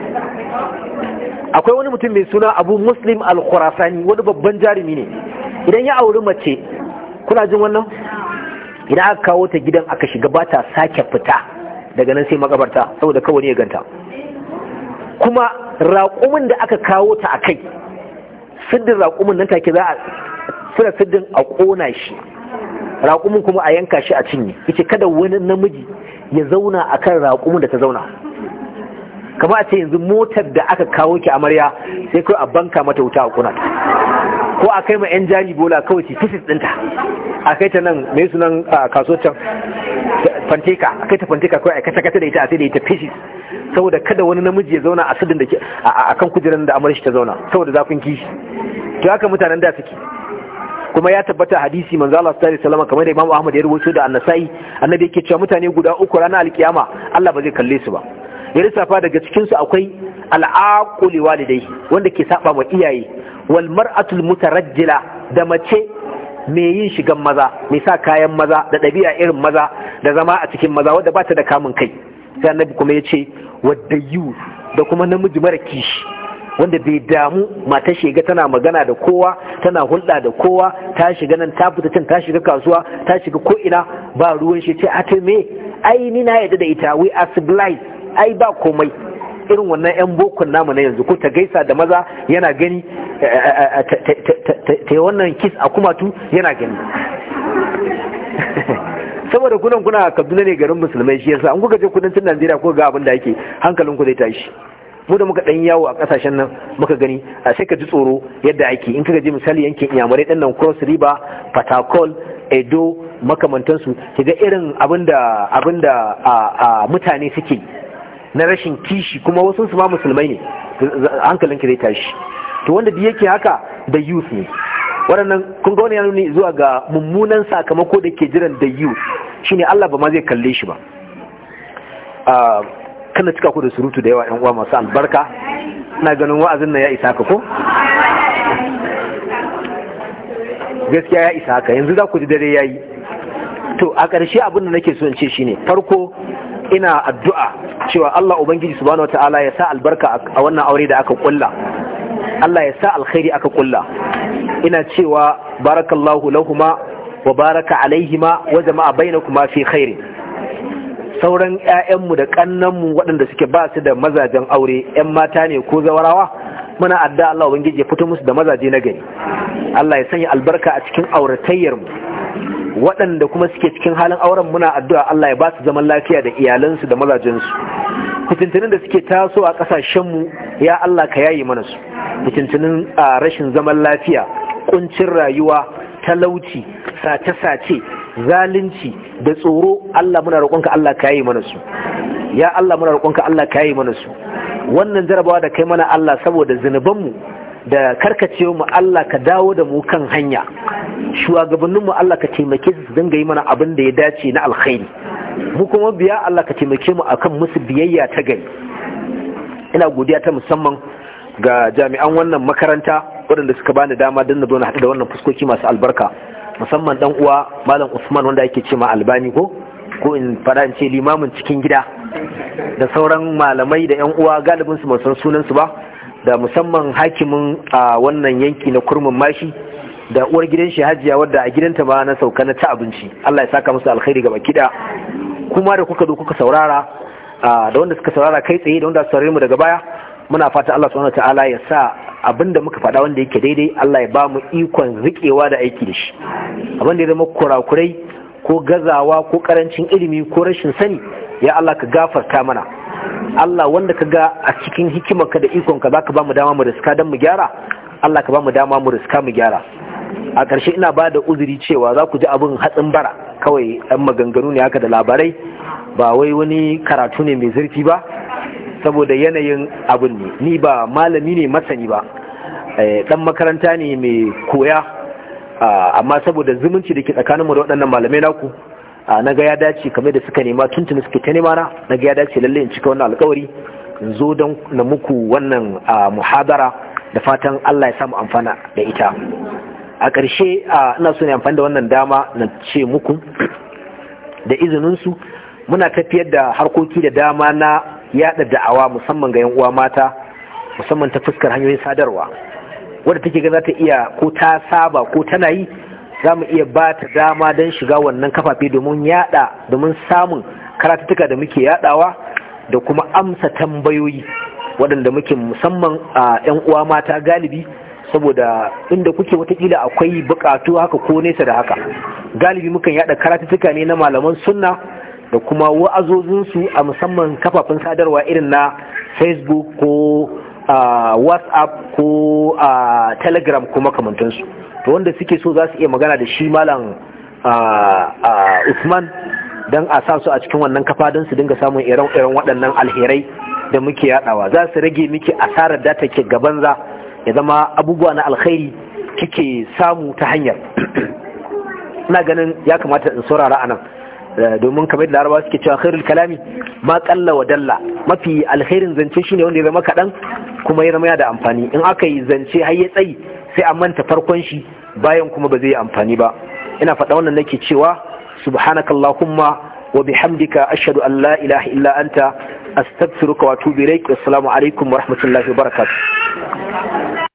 akwai wani mutum mai suna abu muslim al-khurasani wani babban jarumi ne idan ya auri mace kuna jin wannan idan aka kawo ta gidan aka shiga ba ta sake fita daga nan sai makabarta saboda kawai ya ganta kuma raƙumin da aka kawo ta a kai siddin raƙumin nan take za a sira siddin a ƙona shi raƙumin kuma a yanka shi a cinye yace kada wani namiji ya zauna akan raƙumin da ta zauna kamar a ce yanzu motar da aka kawo ki amarya sai kawai a banka mata wuta a kuna ko a kai ma yan jari bola kawai ci fisis ɗinta a kai ta nan mai sunan kasuwar can fanteka a kai ta fanteka kawai a kasa kasa da ita a sai da ita fisis saboda kada wani namiji ya zauna a sudin da ke a kan kujerar da amurshi ta zauna saboda zafin kishi to haka mutanen da suke kuma ya tabbata hadisi manzo Allah sallallahu alaihi wasallam kamar da Imam Ahmad ya rubuto da An-Nasa'i annabi yake cewa mutane guda uku ranar alkiyama Allah ba zai kalle su ba ya lissafa daga cikinsu akwai al'aquli walidai wanda ke saba wa iyaye wal mar'atul mutarajjila da mace mai yin shigan maza mai sa kayan maza da ɗabi'a irin maza da zama a cikin maza wadda ba ta da kamun kai sai annabi kuma ya ce wadda yu da kuma namiji mara kishi wanda bai damu matar shiga tana magana da kowa tana hulɗa da kowa ta shiga nan ta fita can ta shiga kasuwa ta shiga ko ina ba ruwan shi ce ta me ai ni na yadda da ita we are civilized ai ba komai irin wannan 'yan bokun namu na yanzu ko ta gaisa da maza yana gani ta wannan kis a kumatu yana gani saboda kunan kuna kaduna ne garin musulmai shi yasa an kuka je kudancin najeriya ko ga abin da ake hankalin ku zai tashi mu da muka dan yawo a kasashen nan muka gani a sai ka ji tsoro yadda ake in kaga je misali yankin inyamurai din nan cross river patakol edo makamantansu kiga irin abinda abinda mutane suke na rashin kishi kuma wasu su ma musulmai ne hankalin ki zai tashi to wanda bi yake haka da youth ne waɗannan kun ga wani yana nuni zuwa ga mummunan sakamako da ke jiran da youth shine Allah ba ma zai kalle shi ba ah, kana cika ku da surutu da yawa 'yan uwa masu albarka ina ganin wa'azin na ya isa ka ko gaskiya ya isa haka yanzu za ku ji dare yayi to a ƙarshe abin da nake so in ce shine farko ina addu'a cewa Allah ubangiji subhanahu ta'ala ya sa albarka a wannan aure da aka kulla Allah ya sa alkhairi aka kulla ina cewa barakallahu lahuma wa baraka alaihima wa jama'a kuma fi khairi. sauran 'ya'yanmu da ƙannanmu waɗanda suke ba su da mazajen aure 'yan mata ne ko zawarawa muna adda Allah ubangiji ya fito musu da mazaje na gari Allah ya sanya albarka a cikin auratayyar mu waɗanda kuma suke cikin halin auren muna addu'a Allah ya ba su zaman lafiya da iyalansu da mazajensu Fitintunin da suke taso a ƙasashenmu ya Allah ka yayi mana su a rashin zaman lafiya ƙuncin rayuwa talauci sace-sace zalunci da tsoro Allah muna roƙonka Allah ka yayi mana su ya Allah muna roƙonka Allah ka yayi mana su wannan jarabawa da kai mana Allah saboda zunubanmu da karkace mu Allah ka dawo da mu kan hanya mu Allah ka taimake su yi mana abin da ya dace na alkhairi mu kuma biya Allah ka taimake mu akan musu biyayya ta gari ina godiya ta musamman ga jami'an wannan makaranta waɗanda suka bani dama don na zauna hada haɗu da wannan fuskoki masu albarka musamman ɗan uwa malam Usman wanda yake ce ma Albani ko ko in fara in ce limamin cikin gida da sauran malamai da yan uwa galibin su ba san sunan su ba da musamman hakimin a wannan yanki na kurmin mashi da uwar gidan shi hajiya wadda a gidanta ba na sauka na ci abinci Allah ya saka musu alkhairi gaba da kuma da kuka zo kuka saurara da wanda suka saurara kai tsaye da wanda suka saurare mu daga baya muna fata Allah subhanahu wataala ya sa abinda muka faɗa wanda yake daidai Allah ya ba mu ikon rikewa da aiki da shi abin da ya zama kurakurai ko gazawa ko karancin ilimi ko rashin sani ya Allah ka gafarta mana Allah wanda ka ga a cikin hikimarka da ikonka za ka ba mu dama mu riska don mu gyara Allah ka ba mu dama mu riska mu gyara a ƙarshe ina ba da uzuri cewa za ku ji abin hatsin bara kawai ɗan maganganu ne haka da labarai ba wai wani karatu ne mai zurfi ba saboda yanayin abin ne ni ba malami ne masani ba eh, ɗan makaranta ne mai koya ah, amma saboda zumunci da ke mu da waɗannan malamai naku na ga ya dace kamar da suka nema tuntuni suke ta nema na na ga ya dace lalle in cika wannan alkawari in zo don na muku wannan muhadara da fatan Allah ya samu amfana da ita a ƙarshe ina so ne amfani da wannan dama na ce muku da izinin su muna tafiyar da harkoki da dama na yada da'awa musamman ga 'yan uwa mata musamman ta fuskar hanyoyin sadarwa wadda take ga za ta iya ko ta saba ko tana yi za mu iya ba ta dama don shiga wannan kafafe domin yada domin samun karatuttuka da muke yadawa da kuma amsa tambayoyi waɗanda muke musamman a 'yan uwa mata galibi saboda inda kuke watakila akwai bukatu haka ko nesa da haka galibi mukan yada karatuttuka ne na malaman sunna da kuma wa'azozinsu a musamman kafafen sadarwa irin na facebook ko whatsapp ko telegram ko makamantansu to wanda suke so za su iya magana da shi malam usman don a sa su a cikin wannan kafa don su dinga samun irin waɗannan alherai da muke yadawa za su rage miki asarar da take gaban za ya zama abubuwa na alkhairi kike samu ta hanyar ina ganin ya kamata in saurara nan. Eh, domin kamar da larabawa suke cewa khairul kalami ma kalla wa dalla mafi alkhairin zance shine wanda ya zama kaɗan kuma ya zama ya da amfani in aka yi zance har ya tsayi sai a manta farkon shi bayan kuma ba zai yi amfani ba ina faɗa wannan nake cewa subhanakallahumma wa bihamdika ashhadu an la ilaha illa anta astaghfiruka wa atubu ilaik assalamu alaikum wa rahmatullahi wa barakatuh